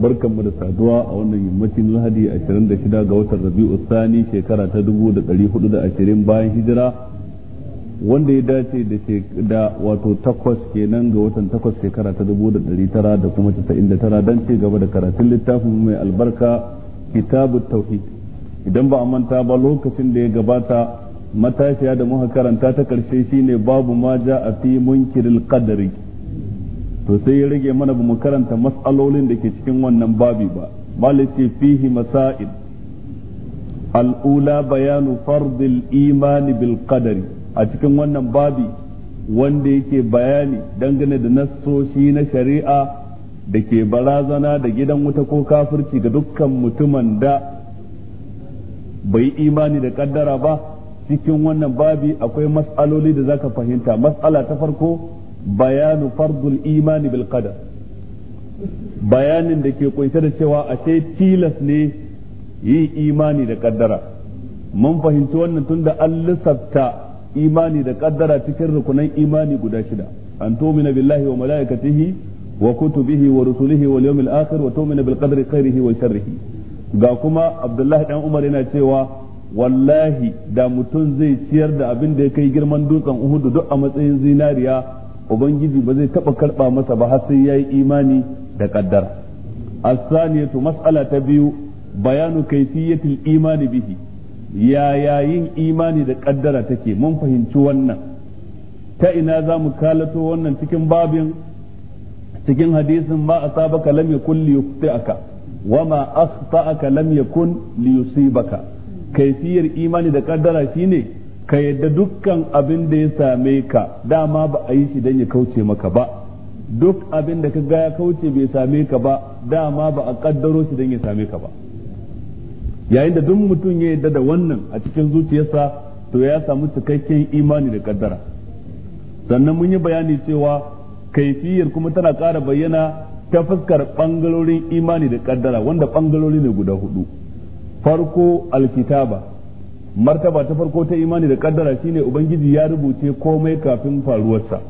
barkan mu da saduwa a wannan yammacin lahadi 26 ga watan rabi'u sani shekara ta 1420 bayan hijira wanda ya dace da da wato takwas kenan ga watan takwas shekara ta 1900 da kuma 99 don ce gaba da karatun littafin mai albarka kitabu tauhid idan ba a manta ba lokacin da ya gabata matashiya da muka karanta ta karshe shine babu ma ja a fi munkiril qadari to sai ya rage mana mu karanta mas'alolin da ke cikin wannan babi ba malaki fihi masail al'ula bayanu fardil imani bil qadari a cikin wannan babi wanda yake bayani dangane da nassoshi na shari'a da ke barazana da gidan wuta ko kafirci ga dukkan mutumin da bai imani da kaddara ba cikin wannan babi akwai mas'aloli da zaka fahimta mas'ala ta farko bayanu fardul imani bil qadar bayanin da ke kunshe da cewa ashe tilas ne yi imani da kaddara mun fahimci wannan tunda an lissafta imani da kaddara cikin rukunan imani guda shida an tumina billahi wa malaikatihi wa kutubihi wa rusulihi wal yawmil akhir wa tumina bil qadri khairihi wa sharrihi ga kuma abdullahi dan umar yana cewa wallahi da mutum zai ciyar da abin da ya kai girman dutsen uhudu duk a matsayin zinariya ubangiji ba zai taba karba masa ba har sai yayi imani da kaddara as-saniyatu mas'ala ta biyu bayanu kayfiyatil imani bihi ya yayin imani da kaddara take mun fahimci wannan ta ina za mu kalato wannan cikin babin cikin hadisin ma asabaka lam yakun liyuqti'aka wama akhta'aka lam yakun liyusibaka kaifiyar imani da kaddara shine ka yadda dukkan abin da ya same ka dama ba a yi shi don ya kauce maka ba duk abin da ka ga ya kauce bai same ka ba dama ba a kaddaro shi don ya same ka ba yayin da duk mutum ya yadda da wannan a cikin zuciyarsa to ya samu cikakken imani da kaddara sannan mun yi bayani cewa kaifiyar kuma tana ƙara bayyana ta fuskar ɓangarorin imani da kaddara wanda bangarori ne guda hudu farko alkitaba martaba ta farko ta imani da kaddara shine ubangiji ya rubuce komai kafin faruwarsa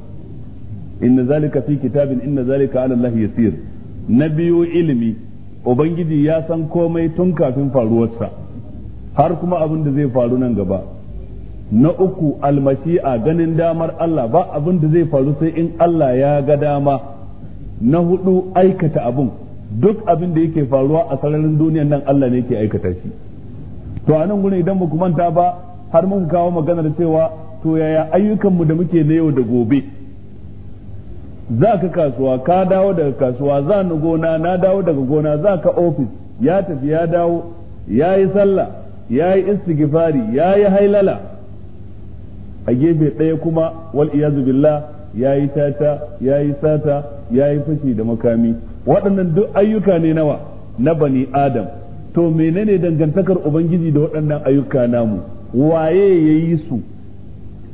inna zalika fi kitabin inna zalika ala allahi yasir na biyu ilimi ubangiji ya san komai tun kafin faruwarsa har kuma abin da zai faru nan gaba na uku almashi'a ganin damar Allah ba abin da zai faru sai in Allah ya ga dama na hudu aikata abun duk abin da yake faruwa a sararin duniyan nan Allah ne ke aikata shi to a nan gurin idan ba ku manta ba har muka kawo maganar cewa to yaya ayyukanmu da muke na yau da gobe za ka kasuwa ka dawo daga kasuwa za ni gona na dawo daga gona za ka ofis ya tafi ya dawo ya yi sallah ya yi istighfari ya yi hailala a gefe ɗaya kuma wal iyazu billah ya yi tata ya yi sata ya yi fashi da makami waɗannan duk ayyuka ne nawa na bani adam to menene dangantakar ubangiji da waɗannan ayyuka namu waye ya yi su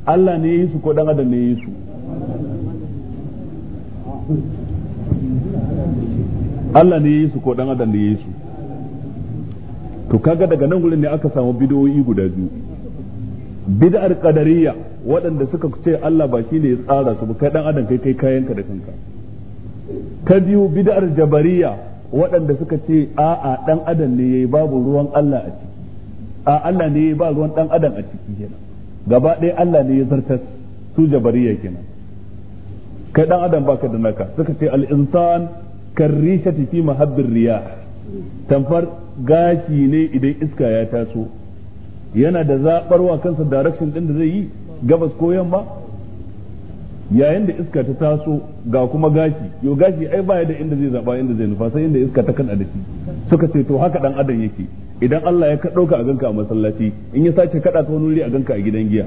Allah ne ya yi su ko dan adam ne ya yi su Allah ne ya yi su ko dan adam ne ya yi su to kaga daga nan gurin ne aka samu bidoyi guda biyu bid'ar qadariyya waɗanda suka ce Allah ba shi ne ya tsara su ba kai dan adam kai kai kayanka da kanka ta biyu bid'ar jabariyya waɗanda suka ce a'a dan adam ne yayi babu ruwan Allah a ciki a Allah ne yayi ba ruwan dan adam a ciki kenan gaba ɗaya Allah ne ya zartar su jabariya kenan kai dan adam baka da naka suka ce al insan karrishati fi mahabbir riya. tamfar gashi ne idan iska ya taso yana da zaɓarwa kansa direction ɗin da zai yi gabas ko yamma yayin da iska ta taso ga kuma gashi yo gashi ai baya da inda zai zaba inda zai nufa sai inda iska ta kan da shi suka ce to haka dan adam yake idan Allah ya dauka a ganka a masallaci in ya sace kada ka wani wuri a ganka a gidan giya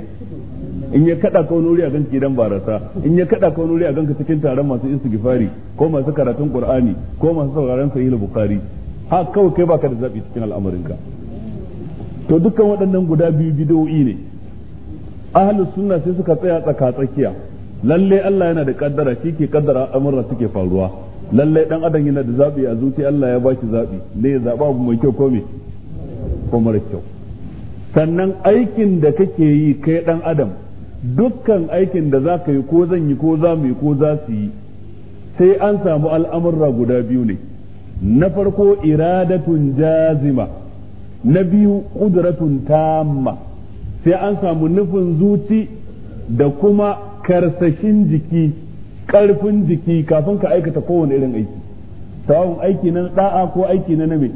in ya kada ka wani wuri a ganka gidan barasa in ya kada ka wani wuri a ganka cikin taron masu istighfari ko masu karatun qur'ani ko masu sauraron sahih bukhari ha kawai kai baka da zabi cikin al'amarinka to dukkan waɗannan guda biyu bidoyi ne ahlus sunna sai suka tsaya tsaka tsakiya lalle Allah yana da kaddara shi ke kaddara amurra suke faruwa lalle dan adam yana da zabi a zuci Allah ya bashi zabi ne ya zaba abu mai kyau ko me ko mara kyau sannan aikin da kake yi kai dan adam dukkan aikin da za ka yi ko zan yi ko za mu yi ko za su yi sai an samu al'amurra guda biyu ne na farko iradatun jazima na biyu ƙudratun tamma sai an samu nufin zuci da kuma karsashin jiki karfin jiki kafin ka aikata kowane irin aiki tawon aiki na da'a ko aiki na name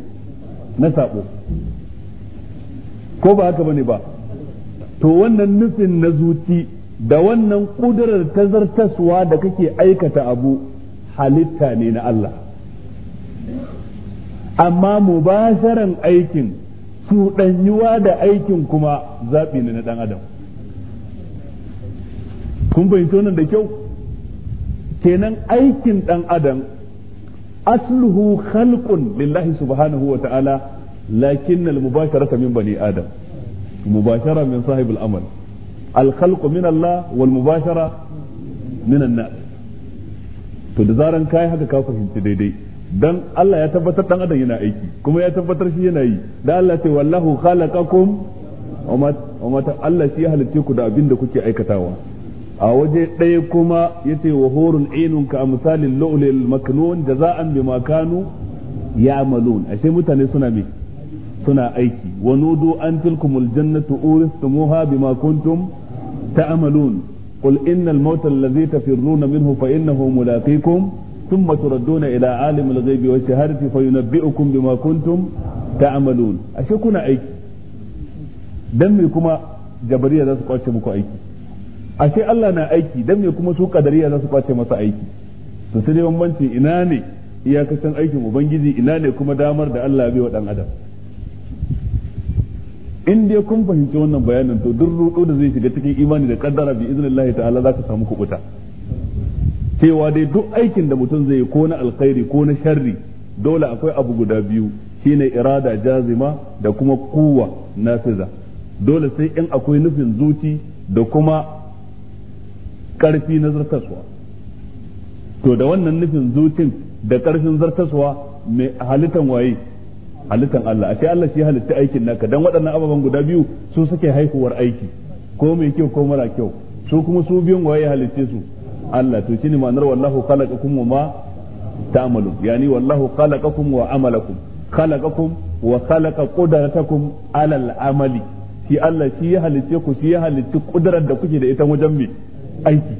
na sabo ko ba haka bane ba to wannan nufin na zuci da wannan kudurar ta zartaswa da kake aikata abu halitta ne na Allah amma mubasharan aikin su ɗanyuwa da aikin kuma zaɓi ne na ɗan adam kun fahimci wannan da kyau kenan aikin dan adam asluhu khalqun lillahi subhanahu wa ta'ala lakin al mubasharata min bani adam mubashara min sahib al amal al khalqu min Allah wal mubashara min an nas to da zaran kai haka ka fahimci daidai dan Allah ya tabbatar dan adam yana aiki kuma ya tabbatar shi yana yi dan Allah ce wallahu khalaqakum wa ma Allah shi ya halicce ku da abin da kuke aikatawa a waje ɗaya kuma yace wa horon ainun ka misalin lu'lil maknun jaza'an bima kanu ya'malun ashe mutane suna me suna aiki wa nudu an tilkumul jannatu uristumuha bima kuntum ta'malun قل إن الموت الذي تفرون منه فإنه ملاقيكم ثم تردون إلى عالم الغيب والشهادة فينبئكم بما كنتم تعملون أشكونا أيك دمي كما جبرية لا تقعد أيكي ashe Allah na aiki dan me kuma su kadariya za su kwace masa aiki to sai dai bambanci ina ne iyakacin aikin ubangiji ina ne kuma damar da Allah bai wa dan adam in dai kun fahimci wannan bayanin to duk rudo da zai shiga cikin imani da kaddara bi iznillah ta'ala za ka samu kubuta cewa dai duk aikin da mutum zai yi ko na alkhairi ko na sharri dole akwai abu guda biyu shine irada jazima da kuma kuwa nafiza dole sai in akwai nufin zuci da kuma karfi na zartaswa to da wannan nufin zucin da ƙarfin zartaswa mai halittan waye halittan Allah a Allah shi halitta aikin naka dan waɗannan ababen guda biyu su suke haihuwar aiki ko mai kyau ko mara kyau su kuma su biyun waye halitte su Allah to shine ma'anar wallahu khalaqakum wa ma ta'malun yani wallahu khalaqakum wa amalakum khalaqakum wa khalaqa qudratakum alal amali shi Allah shi ya halitte ku shi ya halitti kudarar da kuke da ita wajen mai aiki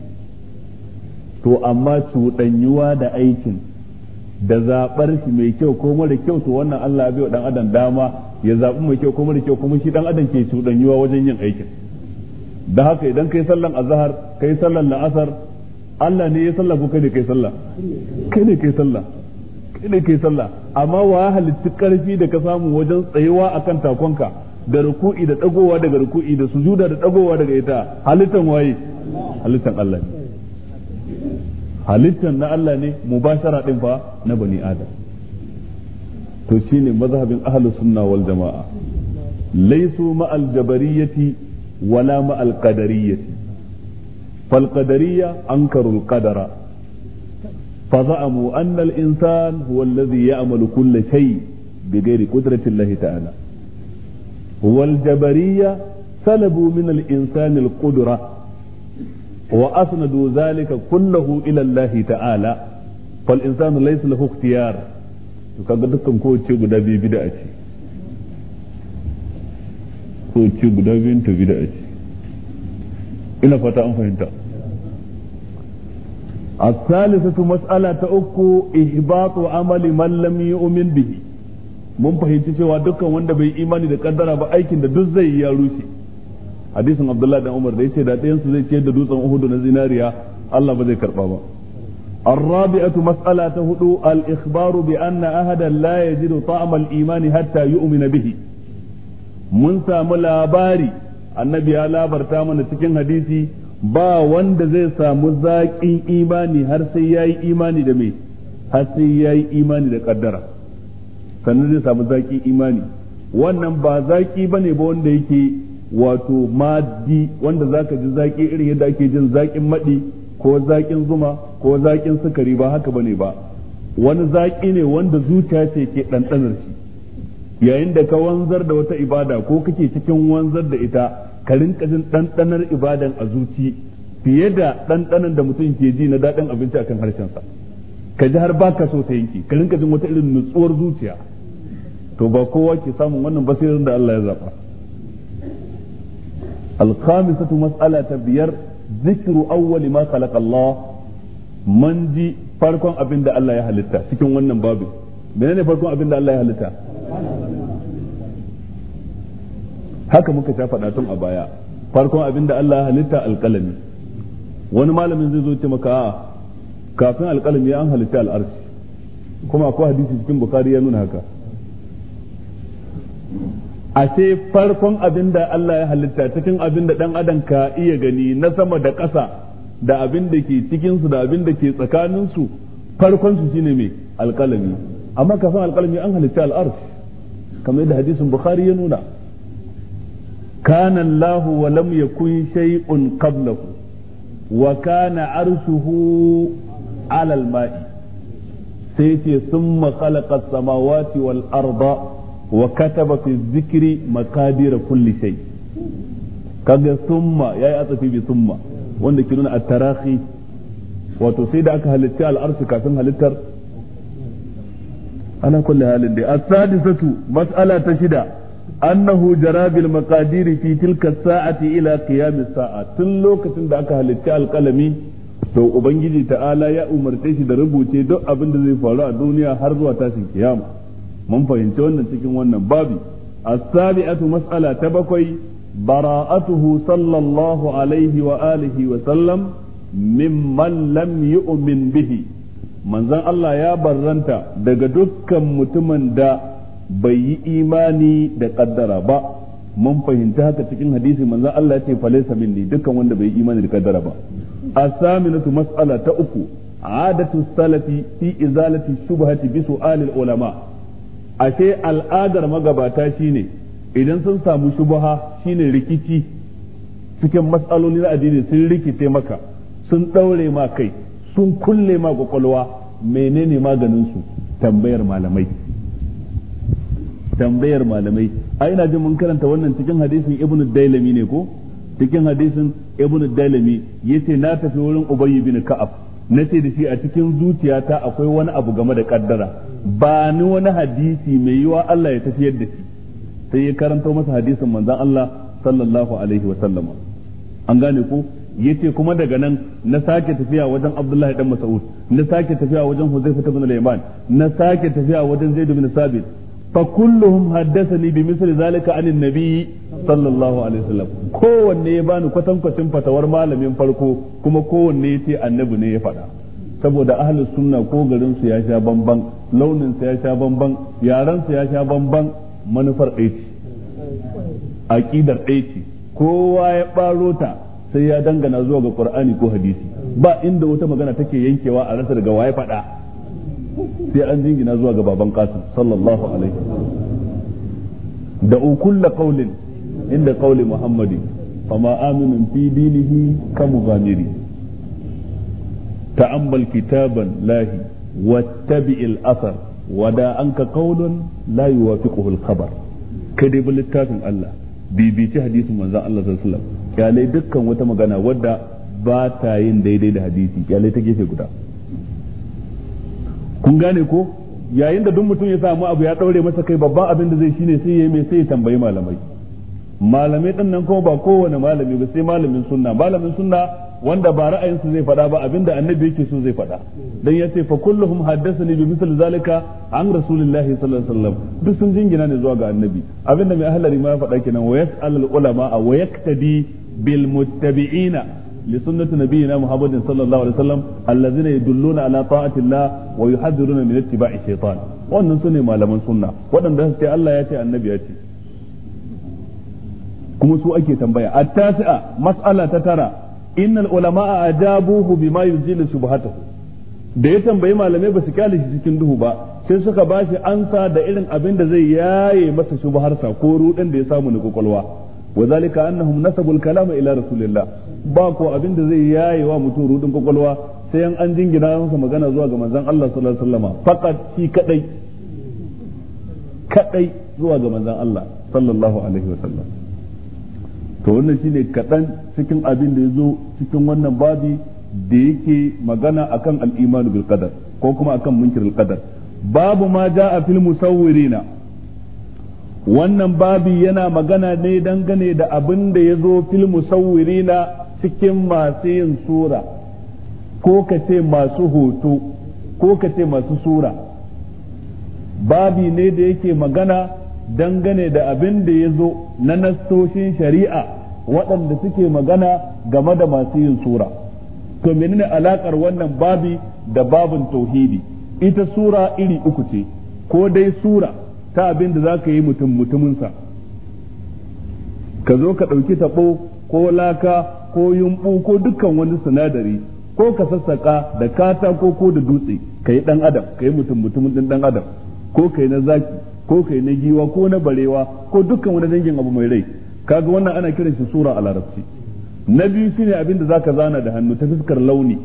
to amma cuɗanyuwa da aikin da zaɓar shi mai kyau ko mara kyau to wannan Allah ya bai wa dan adam dama ya zaɓi mai kyau ko mara kyau kuma shi dan adam ke cuɗanyuwa wajen yin aikin da haka idan kai sallan azhar kai sallan la'asar Allah ne ya sallah ko kai ne kai sallah kai ne kai sallah kai ne kai sallah amma wa halitta karfi da ka samu wajen tsayuwa akan takonka da ruku'i da dagowa daga ruku'i da sujuda da dagowa daga ita halittan waye halittan Allah ne halittan na Allah ne mubashara din fa na bani adam to shine mazhabin ahli sunna wal jamaa laysu ma'al jabariyyati wala ma'al qadariyyati fal qadariyya ankarul qadara فزعموا أن الإنسان هو الذي يعمل كل شيء بغير قدرة الله تعالى wal jabariyya salabu min al insani al qudra wa asnadu zalika kullahu ila Allah ta'ala fal insanu laysa lahu ikhtiyar to kaga dukkan kowace guda biyu bid'a ce kowace guda biyun ta bid'a ce ina fata an fahimta الثالثة مسألة أكو إهباط عمل من لم يؤمن به mun fahimci cewa dukkan wanda bai imani da kaddara ba aikin da duk zai ya rushe hadisin abdullahi dan umar da yace da ɗayan su zai ciyar da dutsen uhudu na zinariya Allah ba zai karba ba al مسألة هدو الإخبار ahadan أحدا لا يجد طعم الإيمان حتى يؤمن bihi mun samu labari annabi ya labarta mana cikin hadisi ba wanda zai samu zaƙin imani har sai ya yi imani da mai har sai ya yi imani da ƙaddara sannan zai samu zaki imani wannan ba zaki bane ba wanda yake wato maddi wanda zaka ji zaki irin yadda ake jin zakin maɗi ko zakin zuma ko zakin sukari ba haka bane ba wani zaki ne wanda zuciya ce ke ɗanɗanar shi yayin da ka wanzar da wata ibada ko kake cikin wanzar da ita ka rinka jin ɗanɗanar ibadan a zuci fiye da ɗanɗanan da mutum ke ji na daɗin abinci akan harshensa ka ji har baka so ta yanke ka rinka jin wata irin nutsuwar zuciya to ba kowa ke samun wannan basirin da Allah ya zaba al-khamisatu mas'ala ta biyar zikru awwali ma khalaqa Allah man ji farkon abin da Allah ya halitta cikin wannan babu menene farkon abin da Allah ya halitta haka muka ta faɗa tun a baya farkon abin da Allah ya halitta alƙalami wani malamin zai zo ce maka kafin alƙalami an halitta al'arshi kuma akwai hadisi cikin bukari ya nuna haka a ce farkon abin da Allah ya halitta cikin abin da dan adam ka iya gani na sama da ƙasa da abin da ke cikinsu da abin da ke tsakaninsu farkonsu farkon su mai alƙalami amma kafin alƙalami an halitta al'arsh kamar yadda hadisin bukhari ya nuna kana lahu wa lam yakun shay'un qablahu wa kana arshuhu ala mai sai ce summa khalaqa as-samawati wal arba. wa kataba fi zikri maqadir kulli shay kaga summa yayi atsafi bi summa wanda ke nuna at-tarahi wato sai da aka halitta al-arsh kafin halittar ana kulli halin da as-sadisatu mas'ala ta shida annahu jarabil maqadir fi tilka saati ila qiyam as-sa'a tun lokacin da aka halitta al-qalami to ubangiji ta'ala ya umarce shi da rubuce duk abin da zai faru a duniya har zuwa tashin kiyama mun fahimci wannan cikin wannan babi as-sabi'atu mas'ala ta bakwai bara'atuhu sallallahu alaihi wa alihi wa sallam mimman lam yu'min bihi manzon Allah ya barranta daga dukkan mutumin da bai yi imani da kaddara ba mun fahimta haka cikin hadisi manzon Allah ya ce falaysa minni dukkan wanda bai yi imani da kaddara ba as-saminatu mas'ala ta uku adatu عادة السلف في bi su بسؤال ulama ashe al'adar magabata shine idan sun samu shubaha shine rikici cikin matsaloli na addini sun rikice maka sun ɗaure ma kai sun kulle ma kwakwalwa menene maganin su tambayar malamai tambayar malamai a ina jin mun karanta wannan cikin hadisin ibnu dailami ne ko cikin hadisin ibnu dailami yace na tafi wurin ubayy bin ka'ab na ce da shi a cikin zuciyata akwai wani abu game da kaddara ba ni wani hadisi mai yiwa Allah ya tafiyar da shi sai ya karanta masa hadisin manzan Allah sallallahu alaihi wa sallama an gane ko ce kuma daga nan na sake tafiya wajen Abdullahi dan Mas'ud na sake tafiya wajen Huzaifah bin al-Yaman na sake tafiya wajen Zaid bin Sabit fa kulluhum haddathani bi misli zalika anin nabi sallallahu alaihi wasallam kowanne ya bani kwatankwacin fatawar malamin farko kuma kowanne ya ce annabi ne ya faɗa saboda ahlus sunna ko garin su ya sha bamban launin su ya sha bamban yaran su ya sha bamban manufar ɗaya ce aqidar ɗaya kowa ya baro ta sai ya dangana zuwa ga qur'ani ko hadisi ba inda wata magana take yankewa a rasa daga waye faɗa sai an jingina zuwa ga baban qasim sallallahu alaihi da ukulla kaulin inda qauli muhammadi fama aminin fi dinihi ka mughamiri ta'ammal kitaban lahi wa al-athar wada anka qaulun la yuwafiquhu al-khabar kada littafin Allah bibici hadisin manzon Allah sallallahu alaihi wasallam dukkan wata magana wadda ba ta yin daidai da hadisi kyale ta gefe guda kun gane ko yayin da duk mutum ya samu abu ya daure masa kai babban abin da zai shine sai ya mai sai ya tambayi malamai malamai din nan kuma ba kowane malami ba sai malamin sunna malamin sunna wanda ba su zai faɗa ba abinda annabi yake so zai faɗa dan ya ce fa kulluhum haddathani bi misli zalika an rasulillahi sallallahu alaihi wasallam duk sun jingina ne zuwa ga annabi abinda mai ahlari ma ya faɗa kenan wa yas'al ulama wa yaktadi bil muttabi'ina لسنة نبينا محمد صلى الله عليه وسلم الذين يدلون على طاعة الله ويحذرون من اتباع الشيطان wannan su ne malaman sunna waɗanda sai Allah ya ce annabi ya ce kuma su ake tambaya at-tasi'a mas'ala ta tara innal ulama'a ajabuhu bima yuzilu shubhatahu da ya tambayi malamai ba su kyale shi cikin duhu ba sai suka bashi ansa da irin abin da zai yaye masa shubharsa ko rudan ya samu ni kwakwalwa wa zalika annahum nasabul kalama ila rasulillah ba ko abin da zai yaye wa mutum rudin kwakwalwa sai an jingina masa magana zuwa ga manzon Allah sallallahu alaihi wasallam faqat shi kadai kadai zuwa ga manzon Allah sallallahu alaihi wasallam to wannan shine kadan cikin abin da yazo cikin wannan babi da yake magana akan al-iman bil qadar ko kuma akan munkirul qadar babu ma jaa fil musawwirina wannan babi yana magana ne dangane da abin da ya zo fil musawwirina cikin masu yin sura ko ka ce masu hoto ko ka ce masu sura babi ne da yake magana dangane da abin da ya zo na nastoshin shari'a waɗanda suke magana game da masu yin sura to menene alakar wannan babi da babin tauhidi ita sura iri uku ce ko dai sura ta abin da za ka yi mutum mutuminsa ka zo ka ɗauki taɓo ko laka ko yumɓu ko dukkan wani sinadari ko ka sassaƙa da katako ko da dutse ka yi ɗan adam ka yi mutum mutumin ɗin ɗan adam ko ka yi na zaki ko ka yi na giwa ko na barewa ko dukkan wani dangin abu mai rai kaga wannan ana kiran shi sura a larabci na biyu shine abin da zaka zana da hannu ta fuskar launi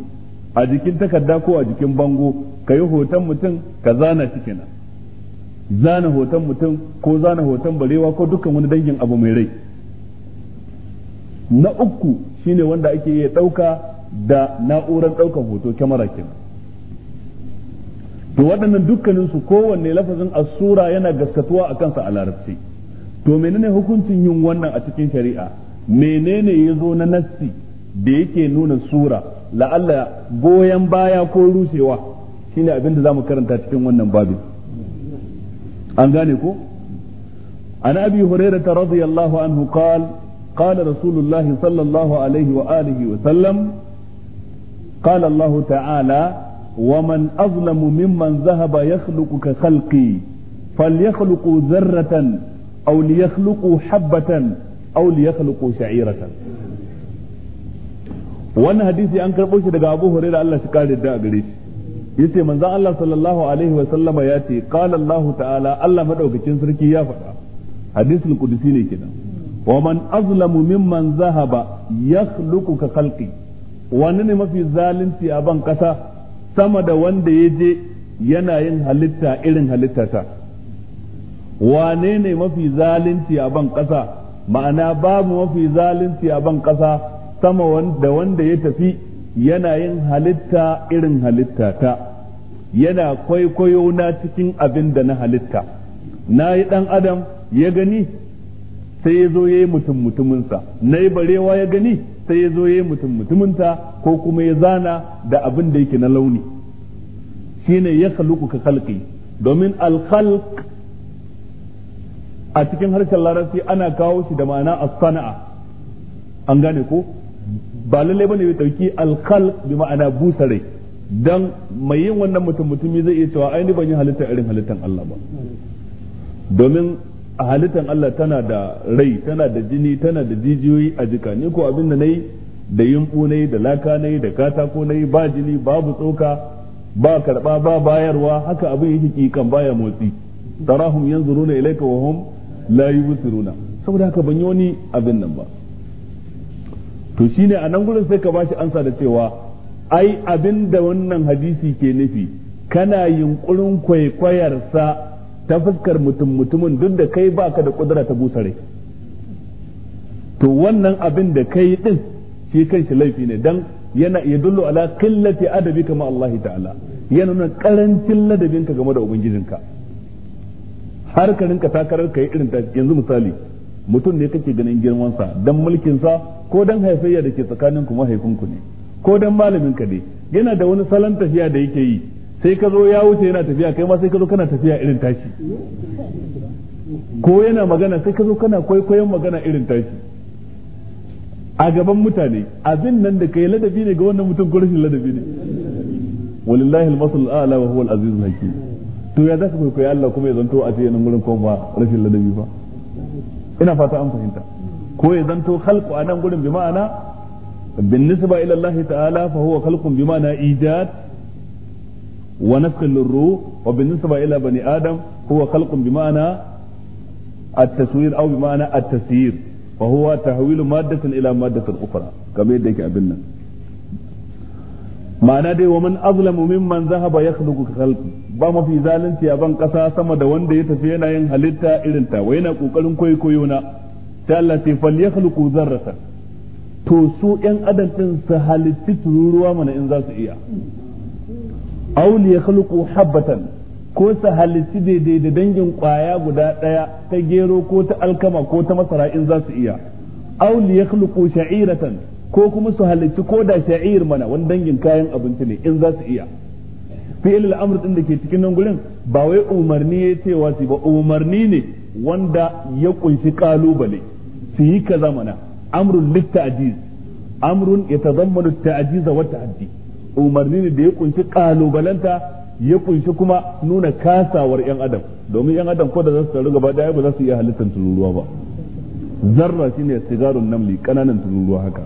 a jikin takarda ko a jikin bango ka yi hoton mutum ka zana shi kenan zana hoton mutum ko zana hoton barewa ko dukkan wani dangin abu mai rai na uku shine wanda ake iya ɗauka da na'urar ɗaukar hoto kyamara kenan to waɗannan dukkaninsu kowanne lafazin asura yana gaskatuwa a kansa a larabci to menene hukuncin yin wannan a cikin shari'a menene ya zo na nassi da yake nuna sura la'alla goyon baya ko rushewa shine abin da zamu karanta cikin wannan babin an gane ko an abi hurairah radiyallahu anhu qala قال رسول الله صلى الله عليه وآله وسلم قال الله تعالى ومن أظلم ممن ذهب يخلق كخلقي فليخلقوا ذرة أو ليخلقوا حبة أو ليخلقوا شعيرة wannan hadisi an karɓo shi daga abu hurairah Allah shi kare da gare shi yace manzon Allah sallallahu alaihi wa sallama ya qala Allah ta'ala Allah madaukakin sarki ya faɗa hadisul qudsi ne kenan wa man azlamu mimman zahaba yakhluqu ka khalqi wani ne mafi zalunci a ban kasa sama da wanda ya je yana yin halitta irin halittata wane ne mafi zalunci a ban kasa ma'ana babu mafi zalunci a ban kasa sama da wanda ya tafi yana yin halitta irin halitta ta? yana kwaikwayo na cikin abin da na halitta na yi ɗan adam ya gani sai ya zo ya yi mutum mutuminsa na yi barewa ya gani sai ya zo ya yi mutum mutuminta ko kuma ya zana da abin da yake na launi shine ya kaluku ka kalki domin alkhalq a cikin harshen larabci ana kawo shi da ma'ana a sanaa an gane ko ba lalle bane ya ɗauki alkal bi ma'ana busarai dan mai yin wannan mutum mutumi zai iya cewa aini ban yi halitta irin halittan Allah ba domin a halittan Allah tana da rai tana da jini tana da jijiyoyi a jika ni ko abin da nayi da na yi da laka nai da katako nayi ba jini babu tsoka ba karba ba bayarwa haka abin yake kan baya motsi tarahum yanzuruna ilayka wa hum la yubsiruna saboda haka ban yi wani abin nan ba to shine a nan gurin sai ka bashi ansa da cewa ai abinda wannan hadisi ke nufi kana yin yunkurin kwaikwayarsa ta fuskar mutum mutumin duk da kai baka da kudura ta busa rai to wannan abin da kai din shi kanshi laifi ne dan yana yadullu ala qillati adabi ma Allah ta'ala yana nuna karancin ladabinka game da ubangijinka har ka rinka takarar kai irin ta yanzu misali mutum ne kake ganin girmansa dan sa ko dan haifayya da ke tsakaninku mahaifinku ne ko dan malamin ka ne yana da wani salon tafiya da yake yi sai ka zo ya wuce yana tafiya kai ma sai ka zo kana tafiya irin tashi ko yana magana sai ka zo kana kwaikwayon magana irin tashi a gaban mutane abin nan da kai ladabi ne ga wannan mutum ko rashin ladabi ne walillahi al-masal ala wa huwa al-aziz hakim to ya zaka kwaikwayi Allah kuma ya zanto a cikin gurin ko ba rashin ladabi ba ina fata an fahimta ko ya zanto khalqu a nan gurin bi ma'ana بالنسبة إلى الله تعالى فهو خلق بمعنى إيجاد ونفخ للروح وبالنسبة إلى بني آدم هو خلق بمعنى التصوير أو بمعنى التسيير فهو تحويل مادة إلى مادة أخرى كما يديك أبنا ma'ana dai wa man azlamu mimman zahaba yakhluqu khalqi ba mafi zalunci a ban kasa sama da wanda ya tafi yana yin halitta irin ta wai yana kokarin koyo na to su yan adam din su halitti tururuwa mana in za su iya auli li yakhluqu habatan ko su halitti daidai da dangin kwaya guda ɗaya ta gero ko ta alkama ko ta masara in za su iya aw li yakhluqu sha'iratan ko kuma su halitti ko da sha'ir mana wani dangin kayan abinci ne in za su iya fi'il al'amr din da ke cikin nan gurin ba wai umarni ya cewa su ba umarni ne wanda ya kunshi kalubale su yi kaza mana amrun litta'jiz amrun yatadammanu tajiza wa taaddi umarni ne da ya kunshi kalubalanta ya kunshi kuma nuna kasawar yan adam domin yan adam ko da za su taru gaba daya ba za su iya halittar tururuwa ba zarra shine sigarun namli kananan tururuwa haka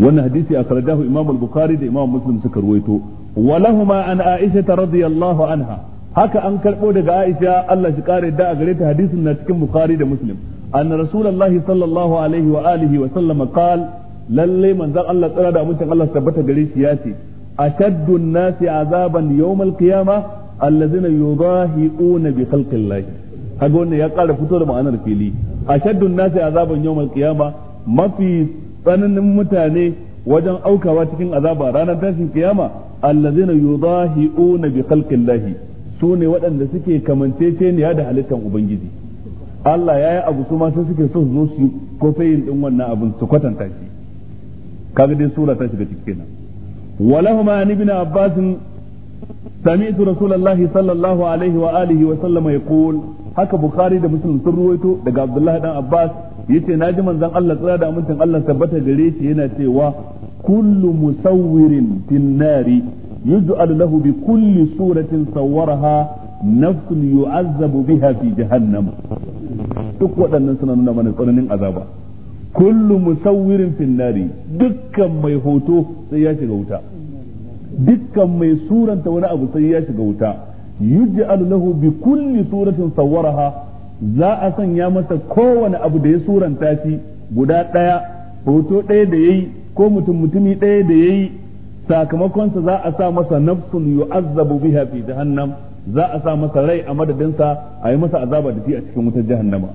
wannan hadisi akhrajahu imam al-bukhari da imam muslim suka ruwaito walahuma an aisha radiyallahu anha haka an karbo daga aisha Allah shi kare da a gare ta hadisin na cikin bukhari da muslim أن رسول الله صلى الله عليه وآله وسلم قال للي من ذا الله تعالى أمتن الله ثبت قريش ياتي أشد الناس عذابا يوم القيامة الذين يضاهئون بخلق الله أقول يا قال فتور ما أنا رفيلي أشد الناس عذابا يوم القيامة ما في tsananin mutane wajen aukawa cikin azaba ranar tashin kiyama allazina yudahi'una bi khalqillahi su ne waɗanda suke kamanceceniya da halittar ubangiji Allah ya yi abu su ma sai suke so zo su ko fayin din wannan abin su kwatanta shi kaga dai sura ta shiga ciki kenan walahuma an ibn abbas sami'tu rasulullahi sallallahu alaihi wa alihi wa sallama yaqul haka bukhari da muslim sun ruwaito daga abdullahi dan abbas yace naji manzon Allah tsira da amincin Allah tabbata gare shi yana cewa kullu musawwirin fin nari yuj'al lahu bi kulli suratin sawwaraha nafsun yu'azzabu biha fi jahannam duk waɗannan suna nuna mana tsananin azaba kullu musawwirin finnari dukkan mai hoto sai ya shiga wuta dukkan mai suranta wani abu sai ya shiga wuta yuj'al lahu bi kulli suratin sawwaraha za a sanya masa kowane abu da ya suranta shi guda ɗaya hoto ɗaya da yayi ko mutum mutumi ɗaya da yayi sakamakonsa za a sa masa nafsun yu'azzabu biha fi jahannam za a sa masa rai a madadinsa a yi masa azaba da shi a cikin wutar jahannama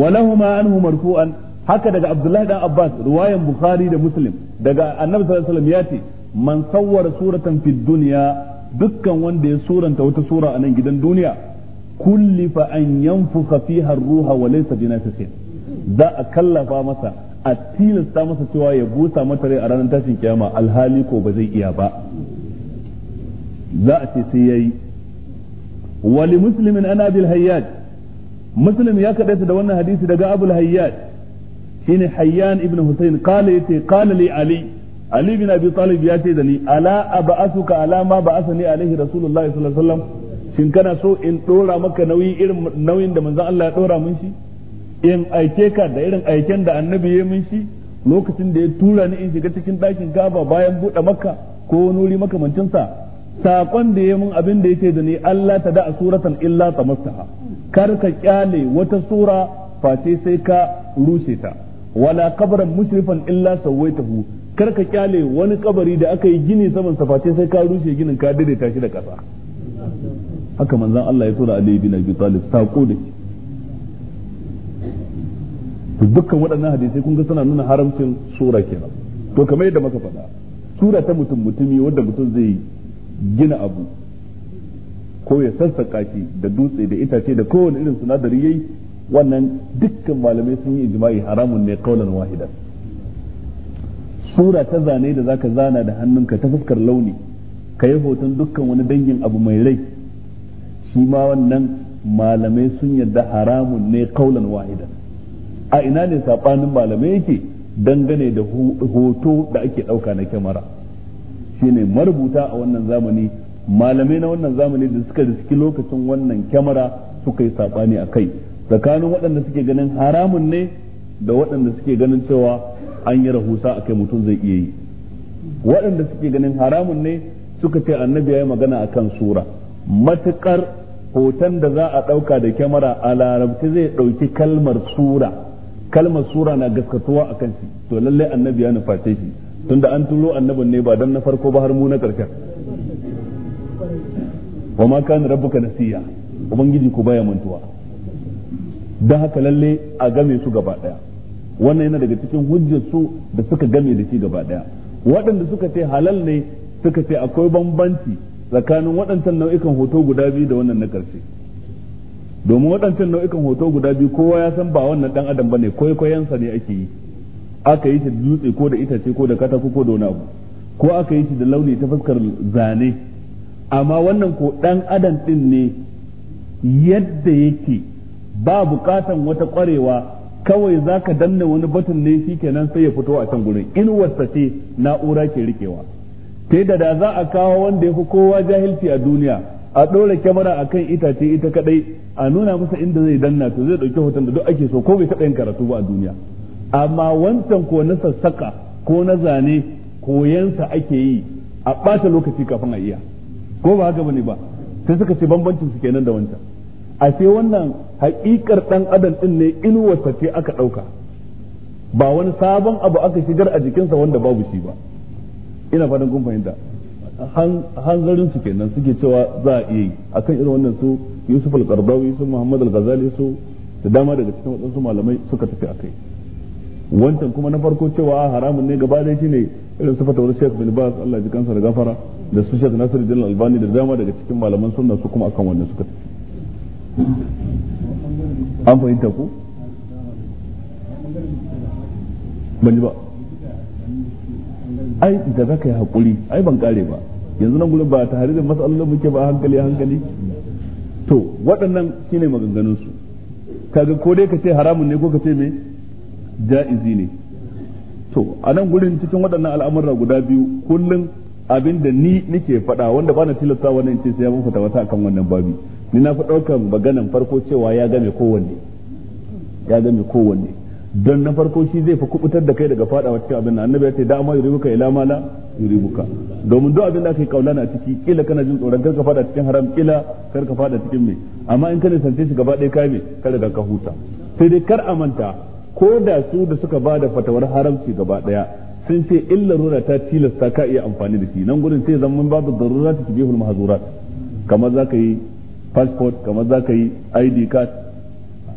wa lahuma anhu marfu'an haka daga Abdullahi dan Abbas riwayan Bukhari da Muslim daga Annabi sallallahu alaihi wasallam ya ce man sawwara suratan fid dukkan wanda ya suranta wata sura a nan gidan duniya kullifa an yanfuka fiha ruha wa laysa binafisin za a kallafa masa a tilasta masa cewa ya busa mata rai a ranar tashin kiyama alhali ko ba zai iya ba za a ce sai yayi wali muslimin ana bil hayyaj مسلم ya kadaita da wannan hadisi daga abul hayyad shine hayyan ibn husayn qala yace qala li ali ali bin abi talib ya ce da ni ala ab'asuka ala ma ba'athani alaihi rasulullahi sallallahu alaihi wasallam shin kana so in dora maka nauyi irin nauyin da manzon Allah ya dora mun shi in aike ka da irin aiken da annabi ya mun shi lokacin da ya tura ni in shiga cikin ɗakin gaba bayan buɗe makka ko wani wuri sa saƙon da ya mun abin da yake da ni Allah ta da suratan illa tamastaha kar ka kyale wata sura face sai ka rushe ta wala kabran musrifan illa sawaitahu kar ka kyale wani kabari da aka yi gini saman sa face sai ka rushe ginin ka daidaita shi da ƙasa haka manzon Allah ya tura Ali bin Abi Talib saƙo da shi to dukkan waɗannan hadisai kun ga suna nuna haramcin sura kenan to kamar yadda muka faɗa sura ta mutum mutumi wanda mutum zai yi gina abu ko ya sassaƙa shi da dutse da itace da kowane irin sinadari yayi wannan dukkan malamai sun yi ijma'i haramun ne kaulan wahida sura ta zane da zaka zana da hannunka ta fuskar launi ka yi hoton dukkan wani dangin abu mai rai shi ma wannan malamai sun yarda haramun ne kaulan wahida a ina ne saɓanin malamai yake dangane da hoto da ake ɗauka na kyamara shine marubuta a wannan zamani malamai na wannan zamani da suka riski lokacin wannan kyamara suka yi sabani a kai tsakanin waɗanda suke ganin haramun ne da waɗanda suke ganin cewa an yi rahusa a kai mutum zai iya yi waɗanda suke ganin haramun ne suka ce annabi ya yi magana a kan sura matuƙar hoton da za a ɗauka da kyamara a larabci zai ɗauki kalmar sura kalmar sura na gaskatuwa a kan shi to lallai annabi ya nufa shi tunda an turo annabin ne ba dan na farko ba har mu na karkar. wa ma kana rabbuka nasiya ubangiji ku baya mantuwa dan haka lalle a game su gaba daya wannan yana daga cikin hujjar su da suka game da shi gaba daya waɗanda suka ce halal ne suka ce akwai bambanci tsakanin waɗancan nau'ikan hoto guda biyu da wannan na ƙarshe domin waɗancan nau'ikan hoto guda biyu kowa ya san ba wannan ɗan adam bane kwaikwayensa ne ake yi aka yi shi da dutse ko da itace ko da katako ko da wani abu ko aka yi shi da launi ta fuskar zane amma wannan ko dan adam din ne yadda yake ba bukatan wata kwarewa kawai zaka danna wani batun ne shikenan sai ya fito a can gurin in wasa ce na'ura ke rikewa sai da da za a kawo wanda ya fi kowa jahilci a duniya a ɗora kyamara a kan itace ita kaɗai a nuna masa inda zai danna to zai ɗauki hoton da duk ake so ko bai taɓa yin karatu ba a duniya amma wancan ko na sassaka ko na zane koyansa ake yi a ɓata lokaci kafin a iya ko ba haka bane ba sai suka ce bambancin su kenan da wancan a sai wannan haƙiƙar ɗan adam ɗin ne inuwarsa ce aka ɗauka ba wani sabon abu aka shigar a jikinsa wanda babu shi ba ina fadin kun fahimta hanzarin su kenan suke cewa za a iya yi akan irin wannan su Yusuf al-Qardawi su Muhammad al-Ghazali su da dama daga cikin waɗansu malamai suka tafi akai wancan kuma na farko cewa haramun ne gaba ɗaya shine irin su wani Sheikh bin bas Allah ji kansa da gafara da su Sheikh Nasiru Jalal Albani da dama daga cikin malaman sunna su kuma akan wannan suka an fahimta ku ban ba ai da za ka yi haƙuri ai ban ba yanzu nan gudun ba ta haririn matsalolin muke ba hankali hankali to waɗannan shine maganganun su kaga ko dai ka ce haramun ne ko ka ce me ja'izi ne to a nan gurin cikin waɗannan al'amura guda biyu kullum abin da ni nike faɗa wanda ba na tilasta in ce sai ya mun fita wata akan wannan babi ni na fi ɗaukar maganan farko cewa ya game kowanne ya game kowanne don na farko shi zai fi kubutar da kai daga wata cikin abin nan annabi ya ce da ma yuribuka ila mala yuribuka domin duk abin da kai kaula na ciki kila kana jin tsoron kar ka fada cikin haram kila kar ka fada cikin me amma in ka sance shi gaba ɗaya kai me kar ka huta sai dai kar a manta ko da su da suka ba da fatawar haramci gaba daya sun ce illa rura ta tilasta ka iya amfani da shi nan gudun sai zaman babu darura ta tibihul mahzurat kamar za ka yi passport kamar za ka yi id card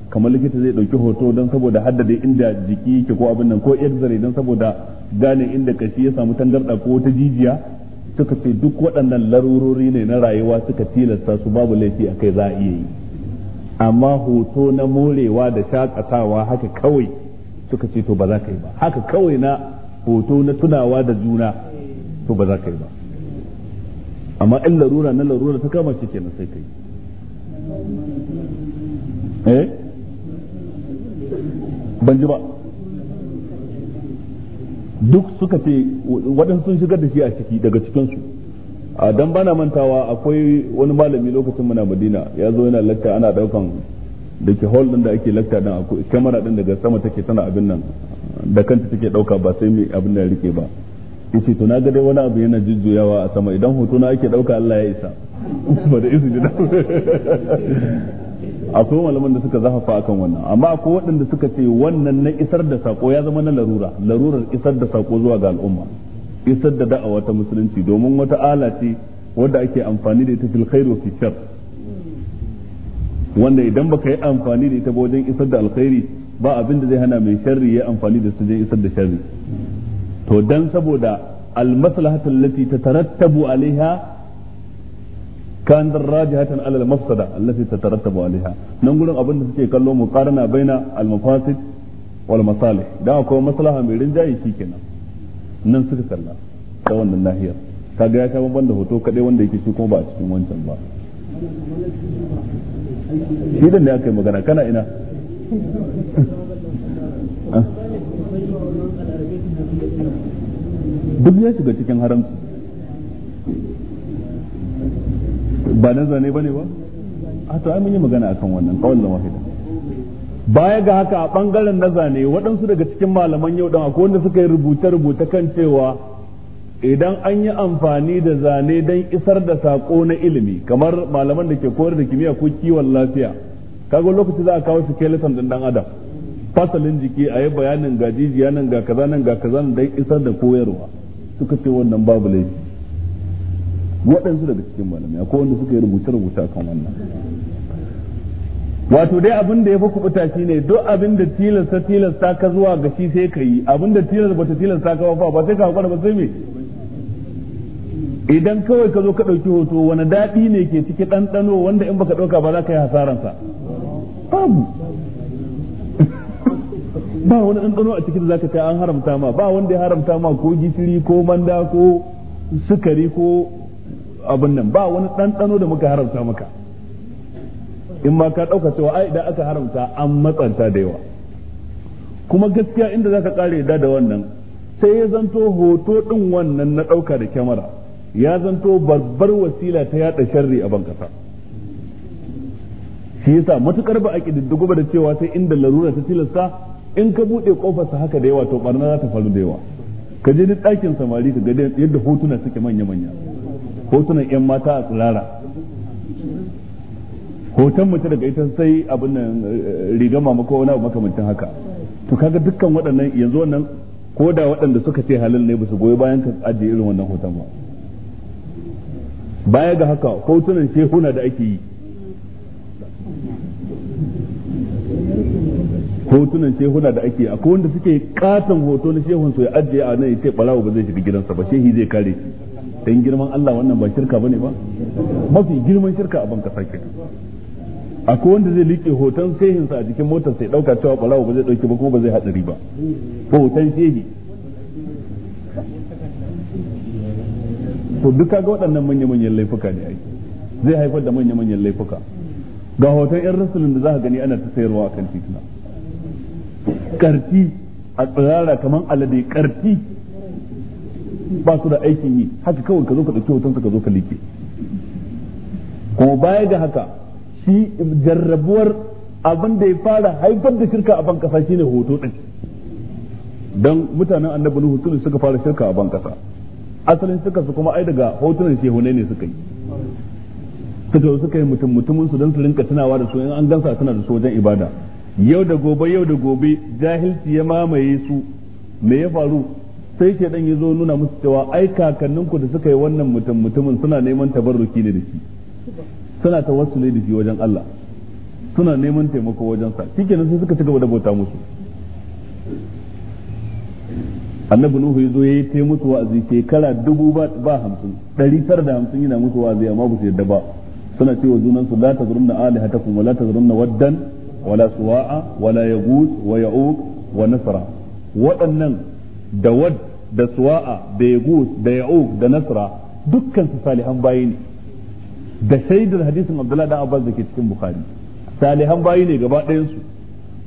kamar likita zai dauki hoto don saboda haddade inda jiki yake ko abin nan ko x-ray don saboda gane inda kashi ya samu tangarda ko ta jijiya suka ce duk waɗannan larurori ne na rayuwa suka tilasta su babu laifi a kai za a iya yi amma hoto na morewa da shakatawa haka kawai suka ce to ba za ka yi ba haka kawai na hoto na tunawa da juna to ba za ka yi ba amma in larura na larura ta kama shi kenan sai ka yi eh ban ji ba duk suka ce waɗansu sun shigar da shi a ciki daga cikinsu a dan bana mantawa akwai wani malami lokacin muna Madina ya zo yana lakta ana daukan da ke hall din da ake lakta din akwai kamera din daga sama take tana abin nan da kanta take dauka ba sai mai abin da ya rike ba yace to naga dai wani abu yana jujjuyawa a sama idan hoto na ake dauka Allah ya isa ba da izini da akwai malaman da suka zafafa akan wannan amma akwai waɗanda suka ce wannan na isar da sako ya zama na larura larurar isar da sako zuwa ga al'umma isar da da'awa ta musulunci domin wata ala ce wadda ake amfani da ita fil khair wa shar wanda idan baka yi amfani da ita ba wajen isar da alkhairi ba abin da zai hana mai sharri ya amfani da su wajen isar da sharri to dan saboda almaslahatu allati tatarattabu alaiha kan darajatan ala almafsada allati tatarattabu alaiha nan gurin abin da suke kallo muqarana baina almafasid wal masalih da akwai maslaha mai rinjaye shikenan nan suka salla ta wannan nahiyar ta ya ta bambam da hoto kadai wanda yake shi kuma ba a cikin wancan ba shi da aka yi magana kana ina ah. duk ya shiga cikin haramci ba na zane ba ne ba a ah, to ai mun yi magana akan wannan kawai da wahida baya ga haka a bangaren na zane waɗansu daga cikin malaman yau dan akwai wanda suka yi rubuce-rubuce kan cewa idan an yi amfani da zane don isar da sako na ilimi kamar malaman da ke koyar da kimiyya ko kiwon lafiya kaga lokaci za a kawo skeleton din dan adam fasalin jiki a yi bayanin ga jijiya nan ga kaza nan ga kaza nan don isar da koyarwa suka ce wannan babu laifi waɗansu daga cikin malamai akwai wanda suka yi rubuce-rubuce kan wannan wato dai abin da ya fi kubuta shi ne duk abin da tilasta tilasta ka zuwa ga shi sai ka yi abin da tilasta bata tilasta ka ba ba sai ka hakura ba sai me idan kawai ka zo ka ɗauki hoto wani daɗi ne ke ciki ɗanɗano wanda in baka ɗauka ba za ka yi hasaransa babu ba wani ɗanɗano a cikin da zaka kai an haramta ma ba wanda ya haramta ma ko gishiri ko manda ko sukari ko abin nan ba wani ɗanɗano da muka haramta maka in ma ka dauka cewa ai idan aka haramta an matsanta da yawa kuma gaskiya inda za ka kare da da wannan sai ya zanto hoto ɗin wannan na ɗauka da kyamara ya zanto babbar wasila ta yada sharri a bankasa shi yasa matukar ba a kididdigu ba da cewa sai inda larura ta tilasta in ka buɗe ƙofarsa haka da yawa to barna za ta faru da yawa ka je duk ɗakin samari ka ga yadda hotuna suke manya manya hotunan yan mata a tsirara hoton mace daga ita sai abin nan eh, riga mama ko wani abu makamancin haka to kaga dukkan waɗannan yanzu wannan ko da waɗanda suka ce halin ne ba su goyi bayan ka ajiye irin wannan hoton ba baya ga haka hotunan shehuna da ake yi hotunan shehuna da ake yi akwai wanda suke katon hoto na shehun su ya ajiye a nan ya ce barawo ba zai shiga gidansa ba shehi zai kare shi dan girman Allah wannan ba shirka bane ba mafi girman shirka a banka sake akwai wanda zai liƙe hoton sehinsa a jikin motar sai ɗauka cewa ɓarawo ba zai ɗauki ba kuma ba zai haɗari ba ko hoton sehi to duk ga waɗannan manya-manyan laifuka ne ai zai haifar da manya-manyan laifuka ga hoton 'yan rasulun da za ka gani ana ta sayarwa a kan titina karti a tsirara kamar alade karti ba su da aikin yi haka kawai ka zo ka ɗauki hoton ka zo ka liƙe kuma baya ga haka shi jarrabuwar abin da ya fara haifar da shirka a ban kasa shine hoto din don mutanen annabi nuhu tun suka fara shirka a ban kasa asalin suka su kuma ai daga hotunan shehunai ne suka yi suka suka yi mutum mutumin su don su rinka tunawa da su in an gansa suna da su wajen ibada yau da gobe yau da gobe jahilci ya mamaye su me ya faru sai shedan ya zo nuna musu cewa ai kakanninku da suka yi wannan mutum mutumin suna neman tabarruki ne da shi suna tawassuli da shi wajen Allah suna neman taimako wajen sa sai suka ci gaba da bauta musu annabi nuhu yazo yayi yi musu wa'azi shekara dubu ba hamsin ɗari tara da hamsin yana musu wa'azi amma ba su yadda ba suna cewa junan su la tazrunna alihatakum wa la tazrunna waddan wala suwa'a wala yaghus wa ya'uq wa nasra waɗannan da wad da suwa'a da yaghus da ya'uq da nasra dukkan su salihan bayi ne da shaidar hadisin Abdullahi dan Abbas da ke cikin Bukhari salihan bayi ne gaba ɗayan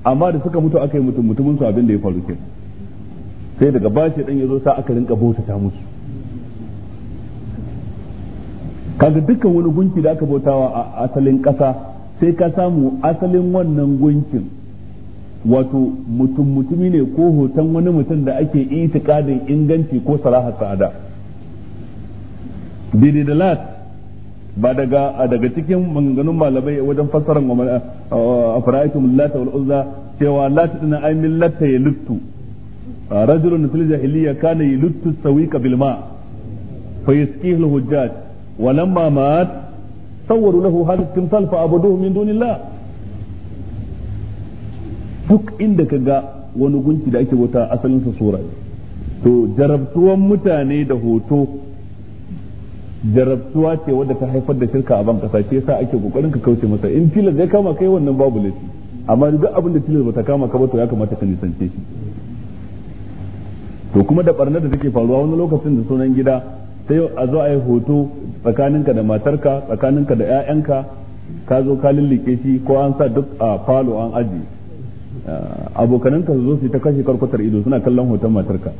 amma da suka mutu aka yi mutum mutumin su abin da ya faru kenan sai daga bashi dan yazo sa aka rinka bautata musu kaga dukkan wani gunki da aka bautawa a asalin ƙasa sai ka samu asalin wannan gunkin wato mutum mutumi ne ko hoton wani mutum da ake itikadin inganci ko salahar sa'ada daidai da lat ba daga daga cikin maganganun malamai wajen fassarar wa afraitum lata wal uzza cewa lata dina ay millata yaluttu rajulun fil jahiliyya kana yaluttu sawika bil ma fa yasqihi al hujjat wa lamma mat sawwaru lahu hadha timsal fa abuduhu min dunillah duk inda ga wani gunki da ake wuta asalin sa sura to jarabtuwan mutane da hoto jarabtuwa ce wadda ta haifar da shirka a ban kasa shi yasa ake kokarin ka kauce masa in tilas zai kama kai wannan babu laifi amma duk abin da tilas bata kama ka ba to ya kamata ka nisance shi to kuma da barnar da take faruwa wani lokacin da sunan gida sai a zo a yi hoto tsakaninka da matarka tsakaninka da 'ya'yanka ka zo ka lullike shi ko an sa duk a falo an aji ah, abokananka su zo su ta kashe karkutar ido suna kallon hoton matarka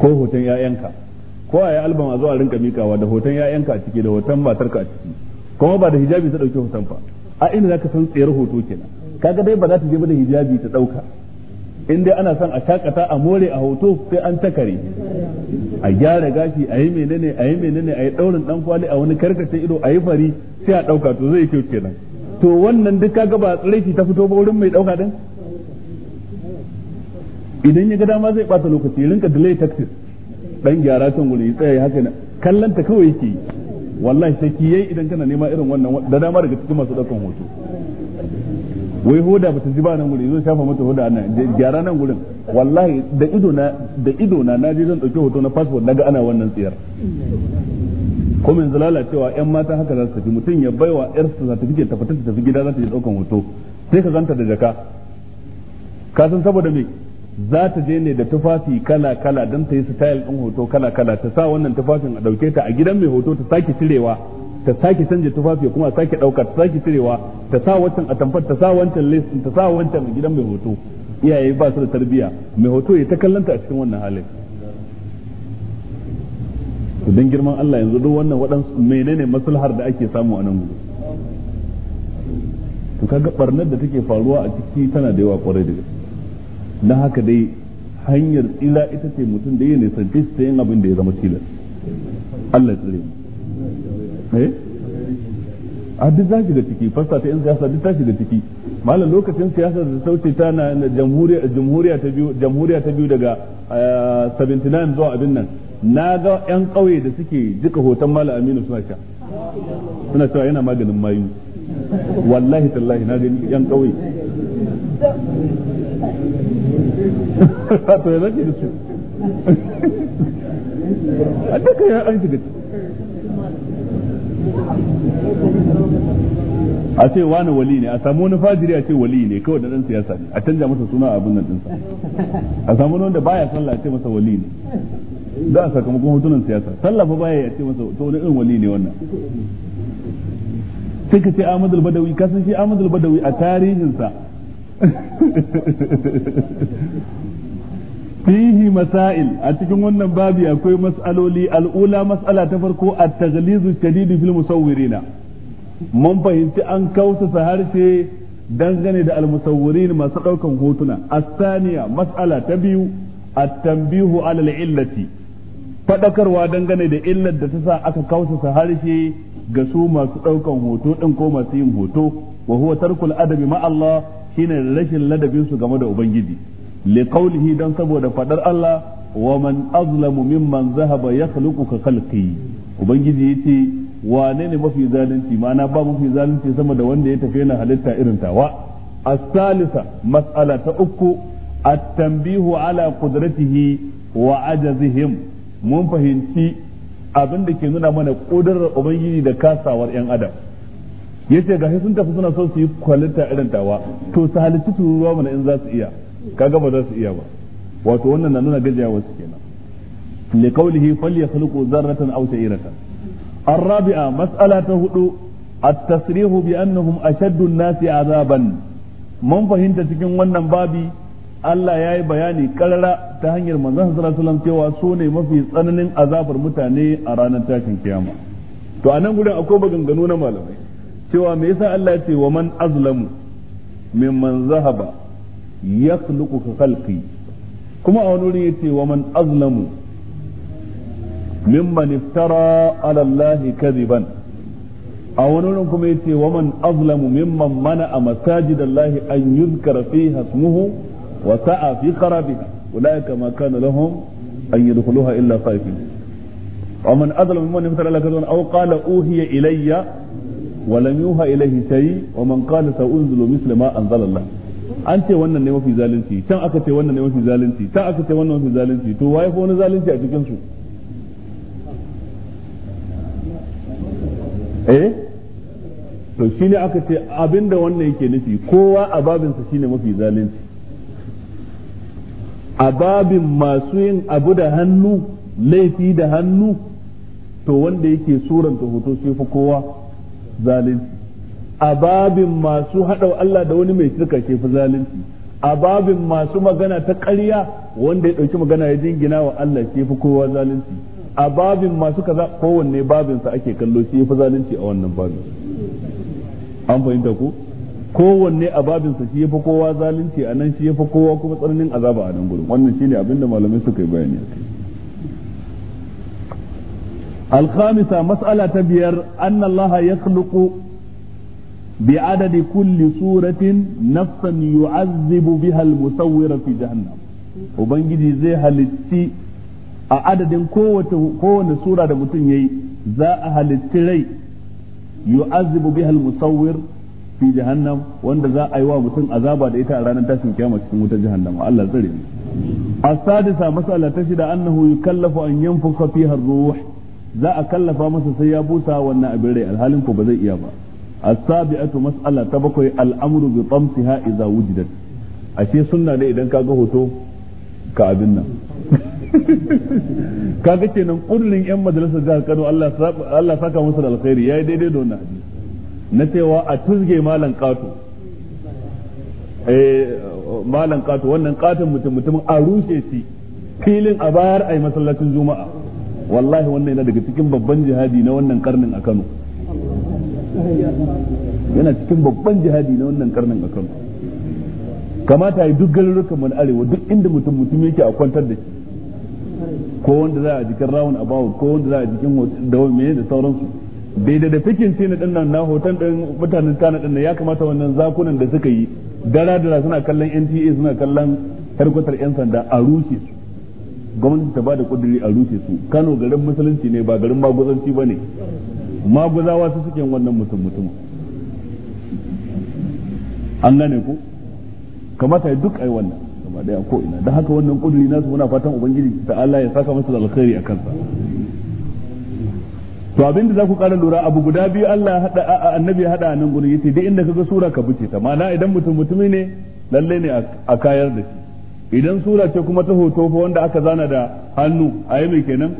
ko hoton 'ya'yanka ko a yi albama zuwa rinka mikawa da hoton yayanka a ciki da hoton matarka a ciki kuma ba da hijabi ta dauke hoton fa a inda zaka san tsayar hoto kenan kaga dai ba za ta je ba da hijabi ta dauka in dai ana son a shakata a more a hoto sai an takare a gyara gashi a yi menene a yi menene a yi daurin dan kwali a wani karkace ido a yi fari sai a dauka to zai kyau kenan to wannan duk kaga ba tsareki ta fito ba wurin mai dauka din idan ya ga dama zai bata lokaci rinka delay taxis dan gyara kan wuri tsaya haka na ta kawai yake wallahi sai ki idan kana nema irin wannan da dama daga cikin masu daukan hoto wai hoda bata ji ba nan wuri zo shafa mata hoda nan gyara nan gurin wallahi da ido na da ido na naje zan dauki hoto na passport naga ana wannan tsiyar ko min zalala cewa yan mata haka za su tafi mutum ya baiwa yar sa za ta fike ta fita ta tafi gida za ta je daukan hoto sai ka zanta da jaka ka san saboda me za ta je ne da tufafi kala kala don ta yi style din hoto kala kala ta sa wannan tufafin a dauke ta a gidan mai hoto ta sake cirewa ta sake canja tufafi kuma sake dauka ta sake cirewa ta sa wancan a atamfar ta sa wancan lace ta sa wancan a gidan mai hoto iyaye ba su da tarbiya mai hoto ya ta kallanta a cikin wannan halin to dan girman Allah yanzu duk wannan waɗansu menene maslahar da ake samu a nan gudu to kaga barnar da take faruwa a ciki tana da yawa kwarai da gaske don haka dai hanyar tsila ita ce mutum da ya nisan ta yin abin da ya zama tilas Allah ya mu eh a duk za shiga ciki fasta ta yan siyasa duk ta shiga ciki malam lokacin siyasa da sauce ta na jamhuriya jamhuriya ta biyu jamhuriya ta biyu daga 79 eh, zuwa abin nan na ga yan kauye da suke jika hoton malam Aminu suna sha suna cewa yana maganin mayu wallahi tallahi na gani yan kauye Fato ya zaki da su a duka ya an shiga a ce wani wali ne a samu wani fajiri a ce wali ne kawai da ɗan siyasa ne a canja masa suna abin nan ɗinsa a samu wanda baya sallah a ce masa wali ne za a sakamakon hotunan siyasa sallah fa baya a ce masa to wani irin wali ne wannan sai ka ce Ahmad badawi ka san shi Ahmad badawi a tarihinsa fihi masail a cikin wannan babi akwai mas'aloli al'ula mas'ala ta farko at-taghlizu shadidu fil musawwirina mun fahimci an kausa harshe dangane da al masu daukan hotuna asaniya mas'ala ta biyu at-tanbihu ala al-illati fadakarwa dangane da illar da ta sa aka kausa harshe ga su masu daukan hoto din ko masu yin hoto wa huwa tarkul adabi ma Allah shine rashin ladabin su game da ubangiji li qawlihi dan saboda fadar Allah wa man azlamu mimman zahaba yakhluqu ka khalqi ubangiji yace wane ne mafi zalunci ma'ana ba mafi zalunci sama da wanda ya tafi na halitta irin tawa as-salisa mas'ala ta uku at-tanbihu ala qudratihi wa ajazihim mun fahimci abin da ke nuna mana kudurar ubangiji da kasawar yan adam yace gashi sun tafi suna son su yi kwalita irin tawa to su halitta tururuwa mana in za su iya kaga ba za su iya ba wato wannan na nuna gajiyawa su kenan li qawlihi falyakhluqu zarratan aw sa'iratan الرابعة a هدوء التصريح بأنهم أشد nasi Azaban. mun fahimta cikin wannan babi Allah ya yi bayani karara ta hanyar manzon sallallahu alaihi cewa su ne mafi tsananin azabar mutane a ranar tashin kiyama to a nan gudan akwai maganganu na malamai cewa me yasa Allah ya ce wa man azlamu mimman zahaba yakhluqu ka khalqi kuma a wani wurin ce wa man azlamu mimman iftara ala Allah kadiban a wani wurin kuma ya ce wa man azlamu mimman mana masajid Allah an yuzkara fiha ismuhu wa sa'a fi kharabiha ulaika kama kana lahum an yadkhuluha illa khaifin ومن أظلم ممن افترى على كذبا أو قال أوهي ilayya. ولم يوحى إليه شيء ومن قال سأنزل مثل ما أنزل الله an ce wannan ne mafi zalunci can aka ce wannan ne mafi zalunci can aka ce wannan mafi zalunci to waye fa wani zalunci a cikin su eh to shine aka ce abinda wannan yake nufi kowa a babinsa shine mafi zalunci Ababin masu yin abu da hannu laifi da hannu to wanda yake suranta hoto shi fa kowa zalunci a babin masu haɗa Allah da wani mai shirka ke fi zalunci a babin masu magana ta ƙarya wanda ya ɗauki magana ya jingina wa Allah ke fi kowa zalunci a babin masu kaza kowanne babinsa ake kallo shi fi zalunci a wannan babin an fahimta ko kowanne a babinsa shi fi kowa zalunci a nan shi fi kowa kuma tsananin azaba a nan gurin wannan shine abinda malamai suka yi bayani a kai الخامسة مسألة تبير أن الله يخلق بعدد كل سورة نفسا يعذب بها المسور في جهنم وبنجي زي هالتي أعدد قوة قوة سورة متنيي ذا هالتي yu'azzibu biha al-musawwir fi jahannam wanda za a yi wa mutum azaba da ita a ranar tashin kiyama cikin wutar jahannama Allah tsare mu as-sadisa mas'ala ta shida annahu yukallafu an yanfukha fiha ar-ruh za a kallafa masa sai ya busa wannan abin rai alhalin ko ba zai iya ba as-sabi'atu mas'ala ta bakwai al'amru bi tamsiha idza wujidat ashe sunna ne idan kaga hoto ka abin nan kaga kenan kullun yan majalisar jihar Kano Allah Allah saka musu da alkhairi yayi daidai da wannan hadisi na cewa a tuzge malan qatu eh malan qatu wannan katon mutum mutumin a rushe shi filin a bayar ai masallacin juma'a wallahi wannan yana daga cikin babban jihadi na wannan karnin a Kano yana cikin babban jihadi na wannan karnin a Kano kamata yi duk garurukan mu arewa duk inda mutum mutum yake a kwantar da shi ko wanda za a jikin rawun abawu ko wanda za a jikin da me da sauransu daidai da fikin sai na dinnan na hoton din mutanen kana dinnan ya kamata wannan zakunan da suka yi dara dara suna kallon NTA suna kallon harkotar yan sanda a rushe su gwamnati ta bada kudiri a rushe su Kano garin musulunci ne ba garin maguzanci ne maguzawa su suke wannan mutum mutum an gane ku kamata ya duk ai wannan gaba daya ko ina dan haka wannan kudiri nasu muna fatan ubangiji ta Allah ya saka masa da alkhairi a kansa to abinda za ku kara lura abu guda biyu Allah hada annabi ya hada nan gurin yace duk inda kaga sura ka buce ta ma'ana idan mutum mutumi ne lalle ne a kayar da shi idan sura ce kuma ta hoto fa wanda aka zana da hannu a yi mai kenan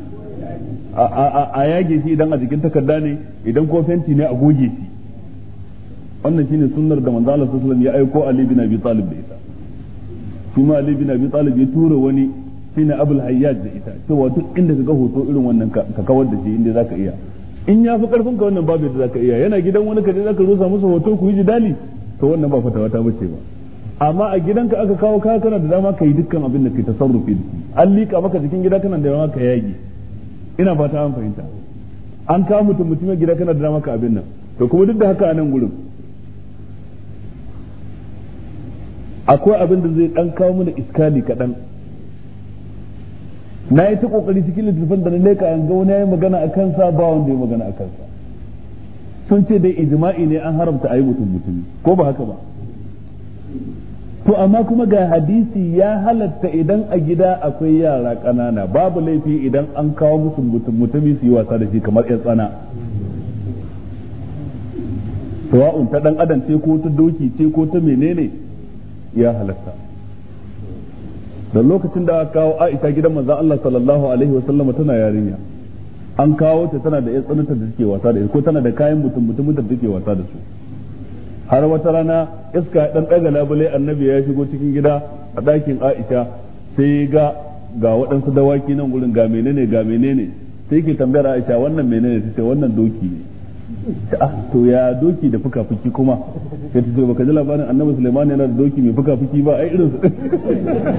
a yage shi idan a jikin takarda ne idan ko fenti ne a goge shi wannan shine sunnar da manzo Allah sallallahu ya aiko Ali bin Abi Talib da ita kuma Ali bin Abi Talib ya tura wani shine Abul Hayyaj da ita cewa duk inda kaga hoto irin wannan ka kawar da shi inda zaka iya in ya fi karfin ka wannan babu yadda zaka iya yana gidan wani ka za zaka rusa musu hoto ku yi jidali to wannan ba fatawa ta bace ba amma a gidanka aka kawo kaya kana da dama kai dukkan abin da kai tasarrufi da shi an liƙa maka cikin gida kana da dama ka yage ina fata an fahimta an kawo mutum mutumin gida kana da dama ka abin nan to kuma duk da haka a nan gurin akwai abin da zai dan kawo mana iskali kaɗan na yi ta kokari cikin littattafan da na leka yanzu wani ya yi magana a kansa ba wanda ya magana a kansa sun ce dai ijma'i ne an haramta a yi mutum mutumi ko ba haka ba to amma kuma ga hadisi ya halatta idan a gida akwai yara ƙanana babu laifi idan an kawo musu mutumi su yi wasa da shi kamar ‘yan tsana sawa'un ta dan adam ce ko ta doki ce ko ta menene ya halatta da lokacin da aka kawo Aisha gidan manzo Allah sallallahu alaihi wa sallam tana yarinya an kawo ta tana da ƴan tsananta da take wasa da ko tana da kayan mutum mutum da take wasa da su har wata rana iska ya dan labule annabi ya shigo cikin gida a ɗakin Aisha sai ga ga waɗansu dawaki nan gurin ga menene ga menene sai ke tambayar Aisha wannan menene sai wannan doki ne ah to ya doki da fuka-fuki kuma sai ta ce baka ji labarin annabi Sulaiman yana da doki mai fuka-fuki ba ai irin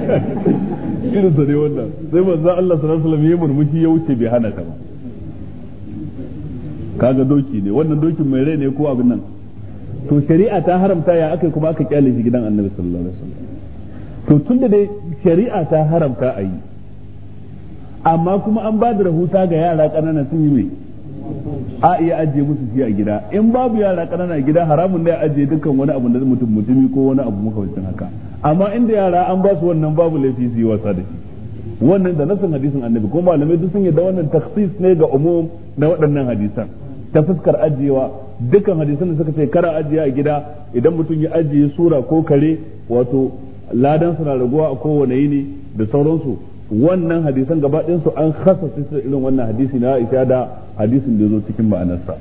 irin sa ne wannan sai manzo Allah sallallahu alaihi wasallam ya murmushi ya wuce bai hana ta ba kaga doki ne wannan dokin mai rai ne ko abin nan to shari'a ta haramta ya aka kuma aka kyale shi gidan annabi sallallahu alaihi wasallam to tunda dai shari'a ta haramta a yi amma kuma an ba da rahusa ga yara ƙanana sun yi mai a iya ajiye musu shi a gida in babu yara ƙanana a gida haramun da ya ajiye dukkan wani abu da mutum mutumi ko wani abu makamancin haka amma inda yara an ba su wannan babu laifi su yi wasa da shi wannan da nasan hadisin annabi ko malamai duk sun da wannan taksis ne ga umum na waɗannan hadisan ta fuskar ajiyewa dukkan hadisan da suka ce kara ajiye a gida idan mutum ya ajiye sura ko kare wato ladan suna raguwa a kowane yini da sauransu wannan hadisan gaba su an khasa su irin wannan hadisi na Aisha da hadisin da zo cikin ma'anarsa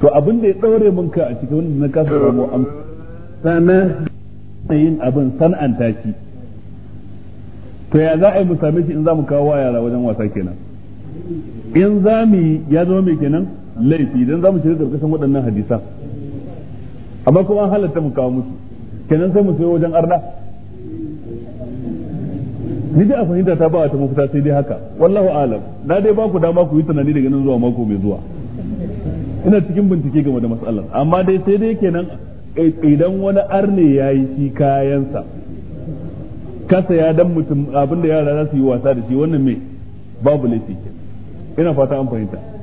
to abin da ya daure mun ka a cikin wanda na kasa mu an sana yin abin san'anta shi to ya za a yi mu same shi in za mu kawo yara wajen wasa kenan in za mu ya zama mai kenan laifi idan za mu shiga karkashin waɗannan hadisa amma kuma an halatta mu kawo musu kenan sai mu sayo wajen arna ni dai a fahimta ta ba ta mafita sai dai haka wallahu alam na dai ba ku dama ku yi tunani daga nan zuwa mako mai zuwa ina cikin bincike game da matsalar amma dai sai dai kenan idan wani arne ya yi shi kayansa kasa ya dan mutum abinda yara za su yi wasa da shi wannan mai babu laifi ina fata an fahimta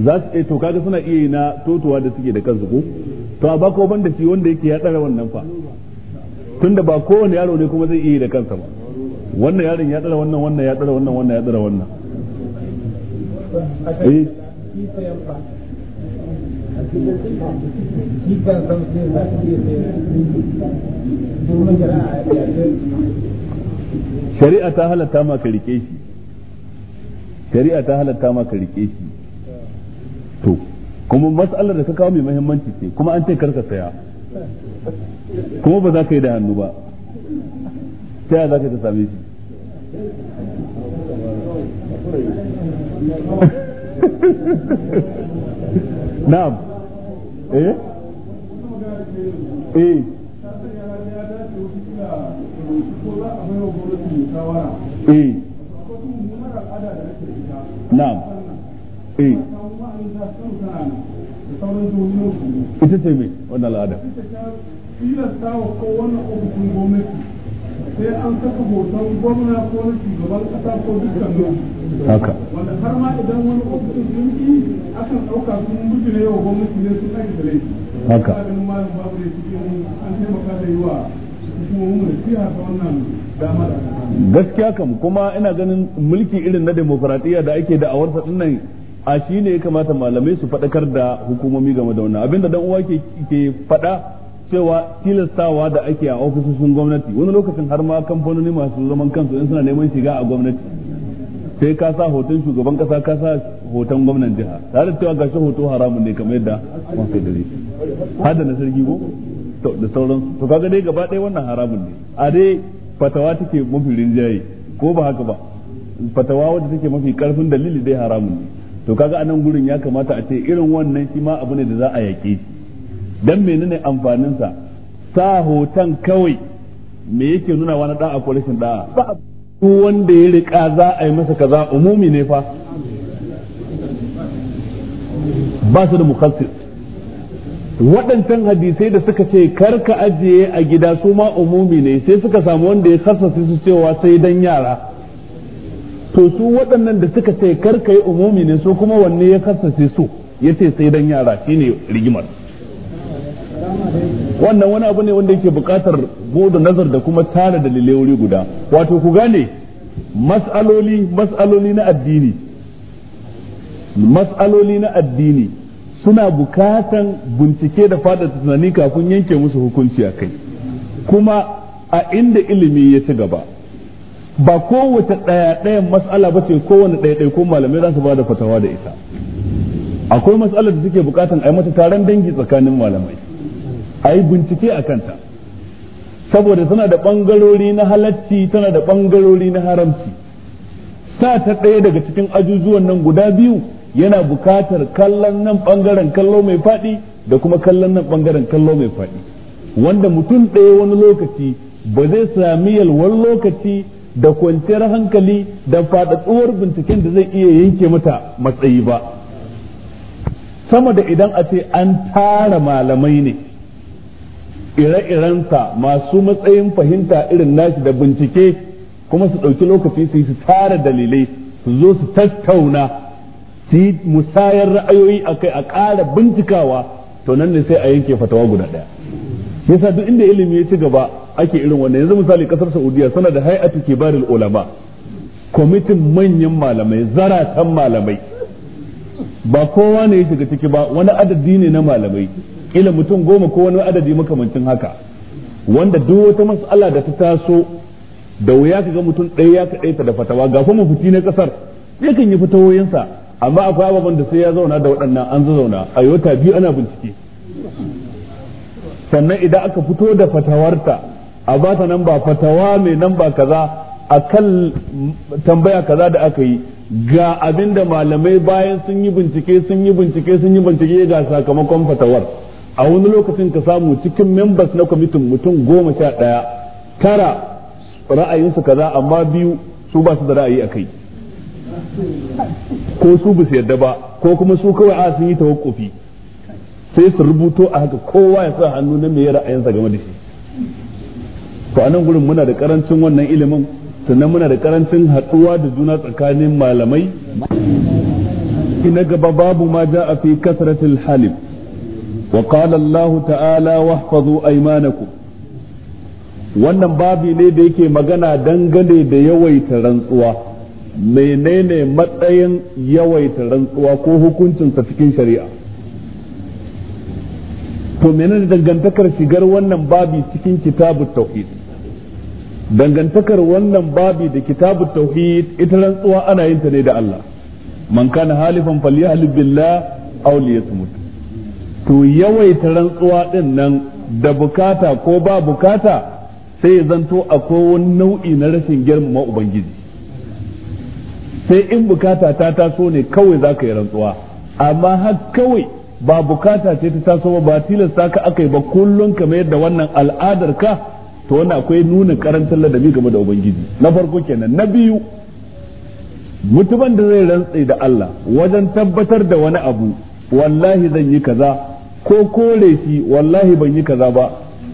za su eh to kaga suna iya na totuwa da suke da kansu ko to a bako banda shi wanda yake ya tsara wannan fa tunda ba kowane yaro ne kuma zai iya da kansa ba wannan yaron ya tsara wannan wannan ya tsara wannan wannan ya tsara wannan eh. shari'a ta halatta ma ka rike shi shari'a ta halatta ma ka rike shi to kuma mas'alar da ka kawo mai muhimmanci ce kuma an ce karka saya kuma ba za ka yi da hannu ba ta yaya za ka ta same shi na'am eh eh eh eh ita ce mai wannan al'ada sai an saka hoton gwamna ko na shugaban kasa ko dukkan haka wanda har ma idan wani ofishin sun yi akan ɗauka sun mutu ne yau gwamnati ne sun ake da laifi haka ganin malam babu da cikin an taimaka da yi wa hukumomin da siya ta wannan dama da gaskiya kam kuma ina ganin mulki irin na demokradiyya da ake da awarsa dinnan a shi ne ya kamata malamai su faɗakar da hukumomi game da wannan abinda dan uwa ke ke faɗa cewa tilastawa da ake a ofisoshin gwamnati wani lokacin har ma kamfanoni masu zaman kansu in suna neman shiga a gwamnati sai ka sa hoton shugaban kasa ka sa hoton gwamnan jiha tare da cewa gashi hoto haramun ne kamar yadda mafi dare hada na sarki ko da sauran to kaga dai gaba ɗaya wannan haramun ne a dai fatawa take mafi rinjaye ko ba haka ba fatawa wadda take mafi karfin dalili dai haramun ne to kaga anan gurin ya kamata a ce irin wannan shi ma abu ne da za a yaƙe dan menene amfanin sa sa hoton kawai me yake nuna wani da'a ko rashin da'a ba wanda ya rika za a yi masa kaza umumi ne fa ba su da mukhassis waɗancan hadisai da suka ce kar ka ajiye a gida su ma umumi ne sai suka samu wanda ya kasance su cewa sai dan yara to su waɗannan da suka ce kar ka yi umumi ne su kuma wanne ya kasance su ya ce sai dan yara shine rigimar wannan wani abu ne wanda yake buƙatar goda nazar da kuma tara da wuri guda wato ku gane mas'aloli mas'aloli na addini mas'aloli na addini suna bukatan bincike da fada tunani kafin yanke musu hukunci a kai kuma a inda ilimi ya ci gaba ba kowace ɗaya ɗayan matsala ba ce kowane ɗaya ko malamai za su ba da fatawa da ita akwai matsalar da suke bukatan a yi mata taron dangi tsakanin malamai a yi bincike a kanta saboda tana da ɓangarori na halarci tana da ɓangarori na haramci sa ta ɗaya daga cikin ajujuwan nan guda biyu yana bukatar kallon nan ɓangaren kallo mai faɗi da kuma kallon nan ɓangaren kallo mai faɗi wanda mutum ɗaya wani lokaci ba zai sami yalwar lokaci da kwanciyar hankali da faɗaɗuwar binciken da zai iya yanke mata matsayi ba sama da idan a ce an tara malamai ne ire-irensa masu matsayin fahimta irin nashi da bincike kuma su ɗauki lokaci su yi su tara dalilai su zo su tattauna su yi musayar ra'ayoyi a kai a ƙara bincikawa to nan ne sai a yanke fatawa guda ɗaya yasa duk inda ilimi ya ci gaba ake irin wannan yanzu misali kasar Saudiya suna da hay'atu kibarul ulama kwamitin manyan malamai zaratan malamai ba kowa ne ya shiga ciki ba wani adadi ne na malamai ilin mutum goma ko wani adadi makamancin haka wanda duk wata matsala da ta taso da wuya ka ga mutum ɗaya ya kaɗaita da fatawa ga kuma fiti na ƙasar yakan kan yi fitawoyinsa amma akwai ababen da sai ya zauna da waɗannan an zauna a yota biyu ana bincike sannan idan aka fito da fatawarta a ba ta ba fatawa mai nan ba kaza akan tambaya kaza da aka yi ga abinda malamai bayan sun yi bincike sun yi bincike sun yi bincike ga sakamakon fatawar a wani lokacin ka samu cikin members na kwamitin mutum goma sha ɗaya tara ra'ayinsu kaza amma biyu su ba su da ra'ayi a kai ko su bisa yadda ba ko kuma su kawai a sun yi tawakkufi sai su rubuto a haka kowa ya sa hannu na mai ra'ayinsa game da shi to a nan gurin muna da karancin wannan ilimin sannan muna da karancin haɗuwa da juna tsakanin malamai Ina gaba babu ma ja a fi kasratil halif wa qala Allah ta'ala wahfazu aymanakum wannan babu ne da yake magana dangane da yawaita rantsuwa menene matsayin yawaita rantsuwa ko hukuncinsa cikin shari'a to menene dangantakar shigar wannan babu cikin kitabut tauhid dangantakar wannan babi da kitabu tauhid ita rantsuwa ana yin ta ne da Allah man kana halifan falyahlib billah aw liyasmut to yawaita rantsuwa din nan da bukata ko ba bukata sai ya zanto akwai wani nau'i na rashin girmama ubangiji sai in bukata ta taso ne kawai za ka yi rantsuwa amma har kawai ba bukata ce ta taso ba tilasta ka aka yi ba kullum kamar yadda wannan al'adar ka to wannan akwai nuna karantar ladabi game da ubangiji na farko kenan na biyu mutumin da zai rantse da Allah wajen tabbatar da wani abu wallahi zan yi kaza ko kore shi wallahi ban yi kaza ba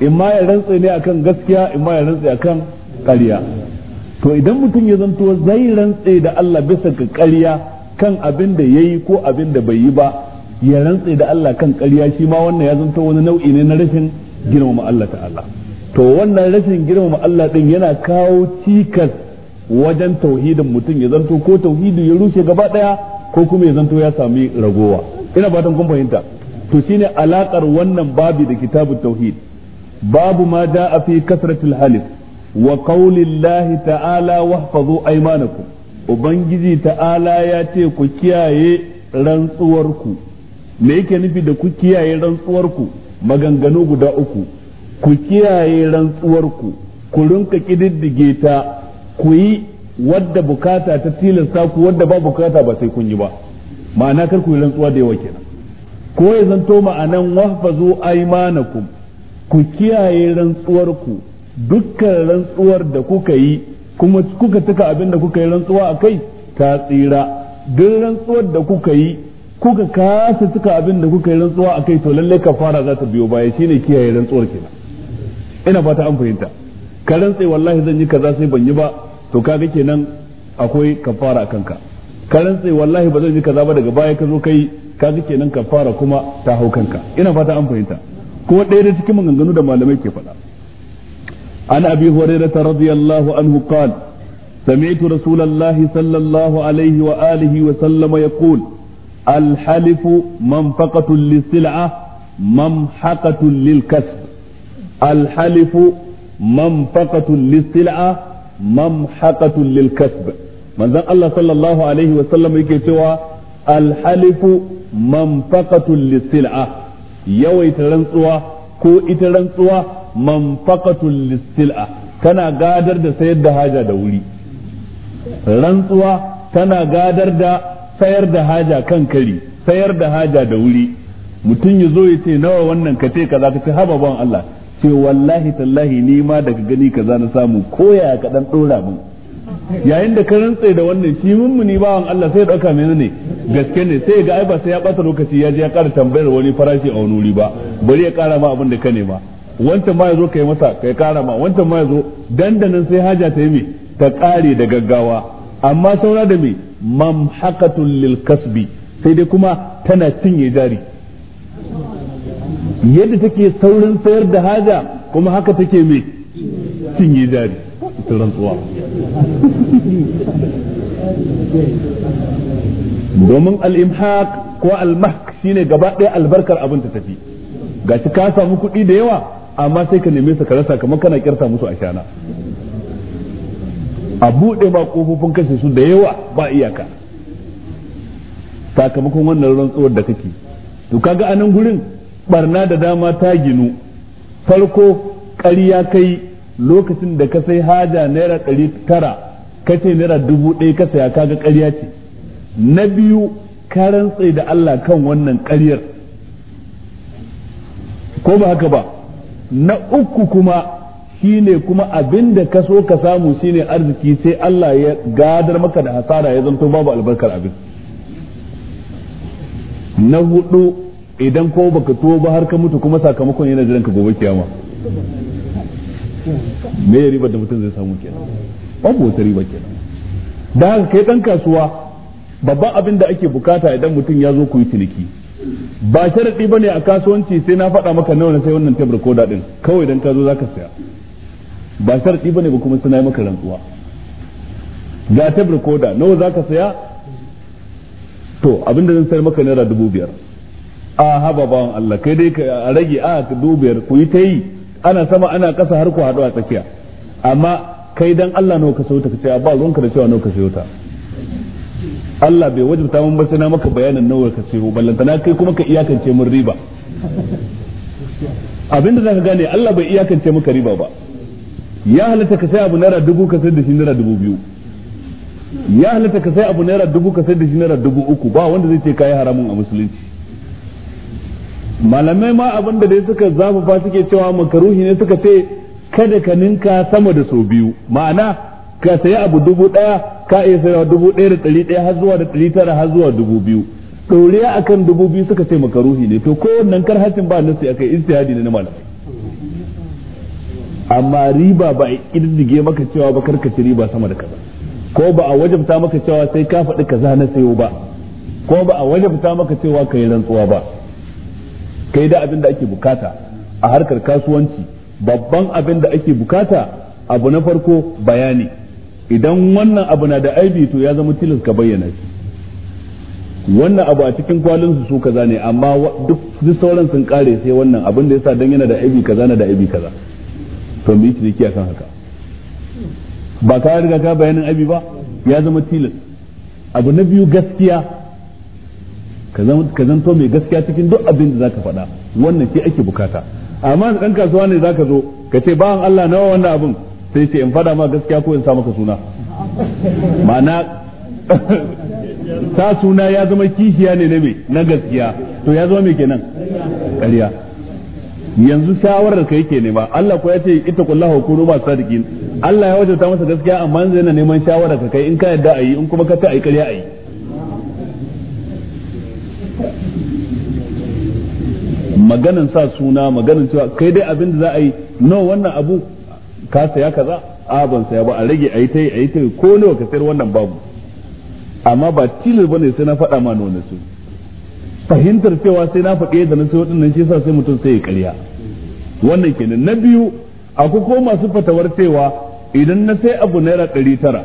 in ma ya rantse ne akan gaskiya in ya rantse akan ƙarya to idan mutum ya zanto zai rantse da Allah bisa ga ƙarya kan abin da yayi ko abin da bai yi ba ya rantse da Allah kan ƙarya shi ma wannan ya zanto wani nau'i ne na rashin girmama Allah ta'ala to wannan rashin girmama Allah din yana kawo cikas wajen tauhidin mutum ya zanto ko tauhidi ya rushe gaba daya ko kuma ya zanto ya sami ragowa ina fatan kun fahimta to shine alakar wannan babi da kitabut tauhid babu ma da'a fi kasratil halif wa qaulillahi ta'ala wahfazu aymanakum ubangiji ta'ala ya ce ku kiyaye rantsuwarku me yake nufi da ku kiyaye rantsuwar ku? maganganu guda uku ku kiyaye rantsuwar ku ku rinka kididdige ta ku yi wadda bukata ta tilasta ku wadda ba bukata ba sai kun yi ba ma'ana kar ku yi rantsuwa da yawa kenan ko ya zanto ma'anan wahfazu aymanakum ku kiyaye rantsuwar ku dukkan rantsuwar da kuka yi kuma kuka tuka abin da kuka yi rantsuwa a kai ta tsira duk rantsuwar da kuka yi kuka kasa tuka abin da kuka yi rantsuwa a kai to lallai kafara za ta biyo baya shine kiyaye rantsuwar kenan ina fata an fahimta ka rantse wallahi zan yi kaza sai ban yi ba to kaga kenan akwai kafara kanka ka rantse wallahi ba zan yi kaza ba daga baya ka zo kai kaga kenan kafara kuma ta hau kanka ina fata an fahimta kuma ɗaya da cikin maganganu da malamai ke faɗa an abi hurairah radiyallahu anhu qala سمعت رسول الله صلى الله عليه وآله وسلم يقول الحلف منفقة للسلعة ممحقة للكسب الحلف منفقة للسلعة ممحقة للكسب من ذا الله صلى الله عليه وسلم يكتوى الحلف منفقة للسلعة يوي ترنسوى كو اترنسوى منفقة للسلعة كان قادر دا سيد هاجا دولي رنسوى كان قادر دا sayar da haja kan kari sayar da haja da wuri mutum ya zo ya ce nawa wannan ka ce kaza ka ce haba ban Allah ce wallahi tallahi ni ma daga gani ka za na samu koya ka dan dora mun yayin da ka rantsa da wannan shi ba bawan Allah sai dauka mene ne gaske ne sai ga ai ba sai ya bata lokaci ya je ya ƙara tambayar wani farashi a wani wuri ba bari ya ƙara ma abin da ka nema wancan ma yazo kai masa kai ƙara ma wancan ma yazo dandanan sai haja ta yi me ta ƙare da gaggawa amma saura da me mamhaqatul lil kasbi sai dai kuma tana cinye jari yadda take saurin sayar da haja kuma haka take mai cinye jari ita rantsuwa domin al-imhaq ko al-mahk shine gaba ɗaya albarkar abin ta tafi gashi ka samu kuɗi da yawa amma sai ka neme su ka rasa kamar kana kyarta musu a shana a buɗe ba ƙofofin kashe su da yawa ba iyaka sakamakon wannan rantsuwar da kake to kaga anan gurin barna da dama ta ginu farko ƙarya kai lokacin da ka sai haja naira ɗari tara ka ce naira dubu ɗaya ka saya kaga ƙarya ce na biyu ka rantse da Allah kan wannan ƙaryar ko ba haka ba na uku kuma shine kuma abin da ka so ka samu shine arziki sai Allah ya gadar maka da hasara ya zanto babu albarkar abin na hudu idan ko baka ba har ka mutu kuma sakamakon yana jiran ka gobe kiyama me ya ribar da mutum zai samu kenan babu wata riba kenan da haka kai dan kasuwa babban abin da ake bukata idan mutum ya zo ku yi ciniki ba sharadi bane a kasuwanci sai na faɗa maka nawa na sai wannan tebur koda din kawai dan ka zo zaka saya ba sharadi bane ba kuma suna maka rantsuwa ga tebur koda nawa zaka saya to abin da zan sayar maka naira dubu biyar a haba bawan Allah kai dai ka rage a ka dubiyar ku yi ta yi ana sama ana kasa har ku haɗu a tsakiya amma kai dan Allah nawa ka sayo ta kace ba ruwanka da cewa nawa ka sayo ta Allah bai wajibta mun ba sai na maka bayanin nawa ka sayo ballantana kai kuma ka iyakance mun riba abinda zaka gane Allah bai iyakance maka riba ba ya halatta ka sai abu naira dubu ka sai da shi naira dubu biyu ya halatta ka sai abu naira dubu ka sai da shi naira dubu uku ba wanda zai ce kai haramun a musulunci malamai ma abin da dai suka zafafa suke cewa makaruhi ne suka ce kada ka ninka sama da sau biyu ma'ana ka sayi abu dubu ɗaya ka iya sayawa dubu ɗaya da dari daya har zuwa da dari tara har zuwa dubu biyu ɗoriya kan dubu biyu suka ce makaruhi ne to ko kar karhacin ba nasi akai istihadi ne na malamai amma riba ba a ƙididdige maka cewa ba karkace riba sama da kaza ko ba a wajabta maka cewa sai ka faɗi kaza na sayo ba ko ba a wajabta maka cewa ka yi rantsuwa ba kai da abin da ake bukata a harkar kasuwanci babban abin da ake bukata abu na farko bayani idan wannan abu na da aibi to ya zama tilas ka bayyana shi wannan abu a cikin kwalin su kaza ne amma duk sauran sun kare sai wannan abin da yasa dan yana da aibi kaza na da aibi kaza to me yi ciniki akan haka ba ka riga ka bayanin aibi ba ya zama tilas abu na biyu gaskiya ka zanto mai gaskiya cikin duk abin da zaka faɗa wannan shi ake bukata amma da ɗan kasuwa ne zaka zo ka ce bawan Allah nawa wannan abin sai ce in faɗa ma gaskiya ko in sa maka suna ma'ana ta suna ya zama kishiya ne na me na gaskiya to ya zama me kenan ƙarya yanzu shawarar ka yake ne Allah ko ya ce ita kullahu kunu ba sadiqin Allah ya wajauta masa gaskiya amma yanzu yana neman shawarar ka kai in ka yadda ayi in kuma ka ta ayi ƙarya ayi maganan sa suna maganan cewa kai dai abin da za a yi no wannan abu ka saya kaza a ban saya ba a rage a yi ta yi a yi ta yi ko nawa ka sayar wannan babu amma ba tilas ba ne sai na faɗa ma wani su fahimtar cewa sai na faɗi yadda na sayo waɗannan shi yasa sai mutum sai ya karya wannan kenan na biyu akwai ko masu fatawar cewa idan na sai abu naira ɗari tara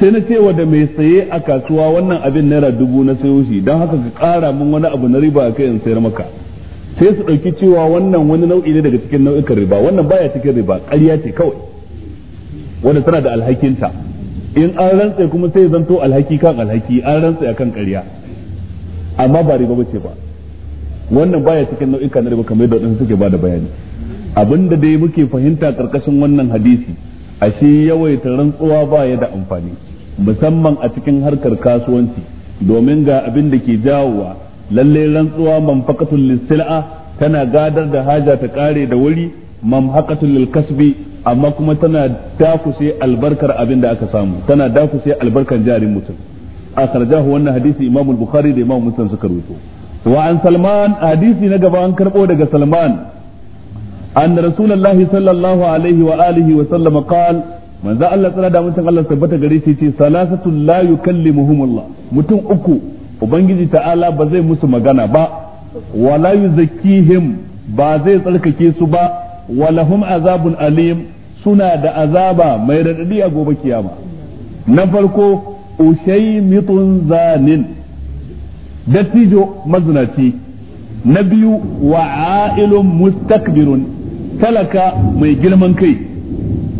sai na cewa da mai saye a kasuwa wannan abin naira dubu na sayo shi don haka ka ƙara min wani abu na riba a kayan sayar maka sai su ɗauki cewa wannan wani nau'i ne daga cikin nau'ikan riba wannan baya cikin riba ƙarya ce kawai wanda tana da alhakinta in an rantsa kuma sai zanto alhaki kan alhaki an rantsa akan ƙarya amma ba riba bace ba wannan baya cikin nau'ikan riba kamar yadda wadansu suke bada bayani abinda dai muke fahimta karkashin wannan hadisi ashe yawaita rantsuwa baya da amfani musamman a cikin harkar kasuwanci domin ga abin da ke jawowa lalle rantsuwa manfaqatul lisil'a tana gadar da haja ta kare da wuri mamhaqatul lil kasbi amma kuma tana dakuse albarkar abin da aka samu tana dakuse albarkar jarin mutum A akhrajahu wannan hadisi imam bukhari da imam muslim suka rubuto wa an salman hadisi na gaba an karbo daga salman an rasulullahi sallallahu alaihi wa alihi wa sallam qala manzo Allah tsara da mutum Allah tabbata gare shi ce salasatu la yukallimuhumullah mutum uku ubangiji ta'ala ba zai musu magana ba wala yuzakkihim ba zai tsarkake su ba walahum azabun alim suna da azaba mai radadi a gobe kiyama na farko ushaymitun zanin dattijo mazinaci na biyu wa'ailun mustakbirun talaka mai girman kai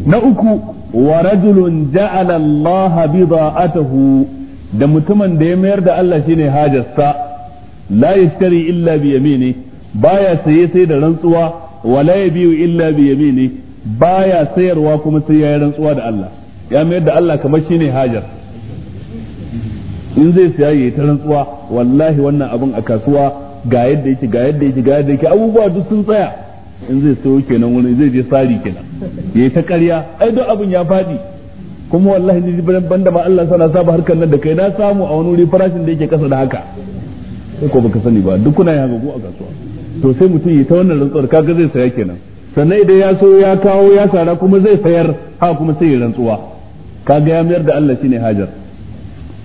na uku wa rajulun ja'ala Allah da mutumin da ya mayar da Allah shine hajarsa la yashtari illa bi yamini baya saye sai da rantsuwa wa yabiu illa bi yamini baya sayarwa kuma sai yayi rantsuwa da Allah ya mayar da Allah kamar shine hajar in zai siya yayi ta rantsuwa wallahi wannan abin a kasuwa ga yadda yake ga yadda yake ga yadda yake abubuwa duk sun tsaya in zai sayo kenan wani zai je sari kenan yayi ta karya ai duk abin ya faɗi kuma wallahi ni ban da ma Allah sana saba harkar nan da kai na samu a wani wuri farashin da yake kasa da haka sai ko baka sani ba duk kuna yaga a kasuwa to sai mutum yi ta wannan rantsuwar kaga zai saya kenan sannan idan ya so ya kawo ya sara kuma zai sayar ha kuma sai ya rantsuwa kaga ya mayar da Allah shine hajar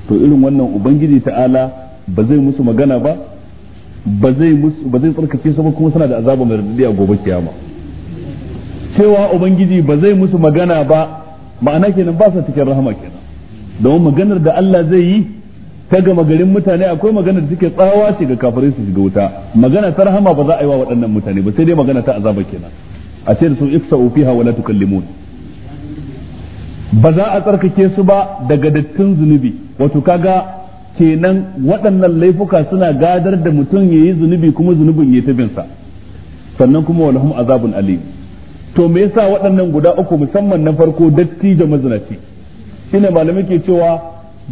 to irin wannan ubangiji ta'ala ba zai musu magana ba ba zai musu ba zai tsarkake su ba kuma suna da azaba mai radadi a gobe kiyama cewa ubangiji ba zai musu magana ba ma'ana kenan ba sa cikin rahama kenan domin maganar da Allah zai yi ta gama garin mutane akwai magana da take tsawa ce ga kafirai su shiga wuta magana ta rahama ba za a yi wa waɗannan mutane ba sai dai magana ta azaba kenan a ce da su iksa'u fiha wala tukallimun ba za a tsarkake su ba daga dattin zunubi wato kaga kenan waɗannan laifuka suna gadar da mutum yayi zunubi kuma zunubin yayi ta binsa sannan kuma walahum azabun alim to me yasa waɗannan guda uku musamman na farko datti da mazinaci shine malamai ke cewa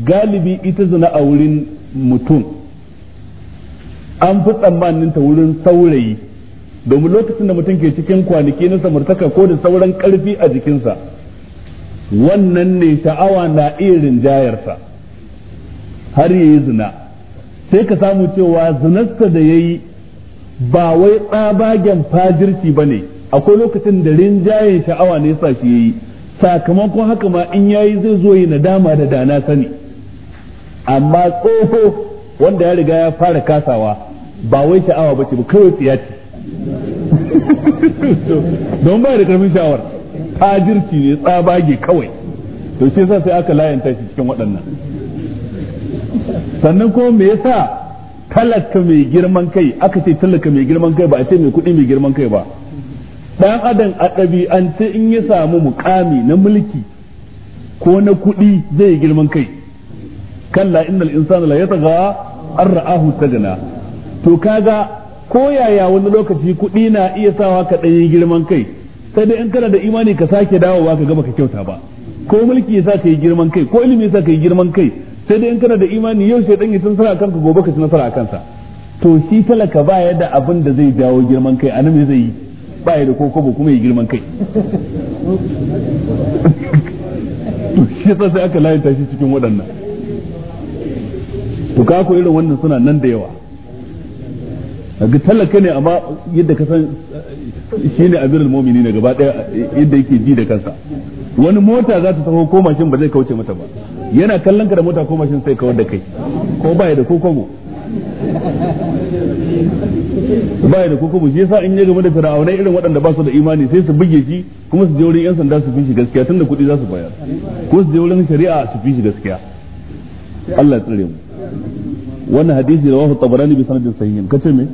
galibi ita zina a wurin mutum an fi tsammanin ta wurin saurayi domin lokacin da mutum ke cikin kwanaki na samartaka ko da sauran karfi a jikinsa wannan ne sha'awa na iya rinjayarsa har yi zina sai ka samu cewa zinarsa da ya yi ba wai tsabagen fajirci ba ne akwai lokacin da rinjayen sha'awa ne yasa shi yayi sakamakon haka ma in yayi zai zo yi nadama da dana sani amma tsoho wanda ya riga ya fara kasawa ba wai sha'awa ba ce ba kawai tsiya ce don ba da karfin sha'awar tajirci ne tsabage kawai to shi yasa sai aka layanta shi cikin waɗannan sannan kuma me yasa talaka mai girman kai aka ce talaka mai girman kai ba a ce mai kuɗi mai girman kai ba dan adam a ɗabi'ance in ya samu mukami na mulki ko na kuɗi zai girman kai kalla innal insana la yataga an ra'ahu to kaga ko yaya wani lokaci kuɗi na iya sawa ka ɗanyi girman kai sai dai in kana da imani ka sake dawowa ka gama ka kyauta ba ko mulki yasa ka yi girman kai ko ilimi yasa ka yi girman kai sai dai in kana da imani yau shaidan ya tun sara kanka gobe ka ci nasara a kansa to shi talaka ba da abin da zai dawo girman kai anan me zai yi ba ya da ko kobo kuma ya girman kai to shi yasa sai aka layanta shi cikin waɗannan to ka irin wannan suna nan da yawa ga talaka ne amma yadda ka san shi ne amirul mumini ne gaba ɗaya yadda yake ji da kansa wani mota za ta taho ko mashin ba zai kauce mata ba yana kallon ka da mota ko mashin sai kawar da kai ko ba ya da ko kobo baya da kuma shi yasa in ya game da fir'aunai irin waɗanda ba su da imani sai su buge shi kuma su je wurin yan sanda su fi shi gaskiya tunda kuɗi za su bayar ko su je wurin shari'a su fi shi gaskiya Allah ya tsare mu wannan hadisi da wahu tabarani bi sanadin sahihin kace me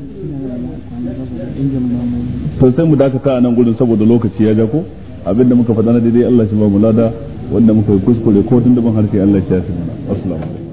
to sai mu daka a nan gurin saboda lokaci ya ja ko abinda muka faɗa na daidai Allah shi ba mu lada wanda muka yi kuskure ko tun da ban harshe Allah shi ya fi mana assalamu alaikum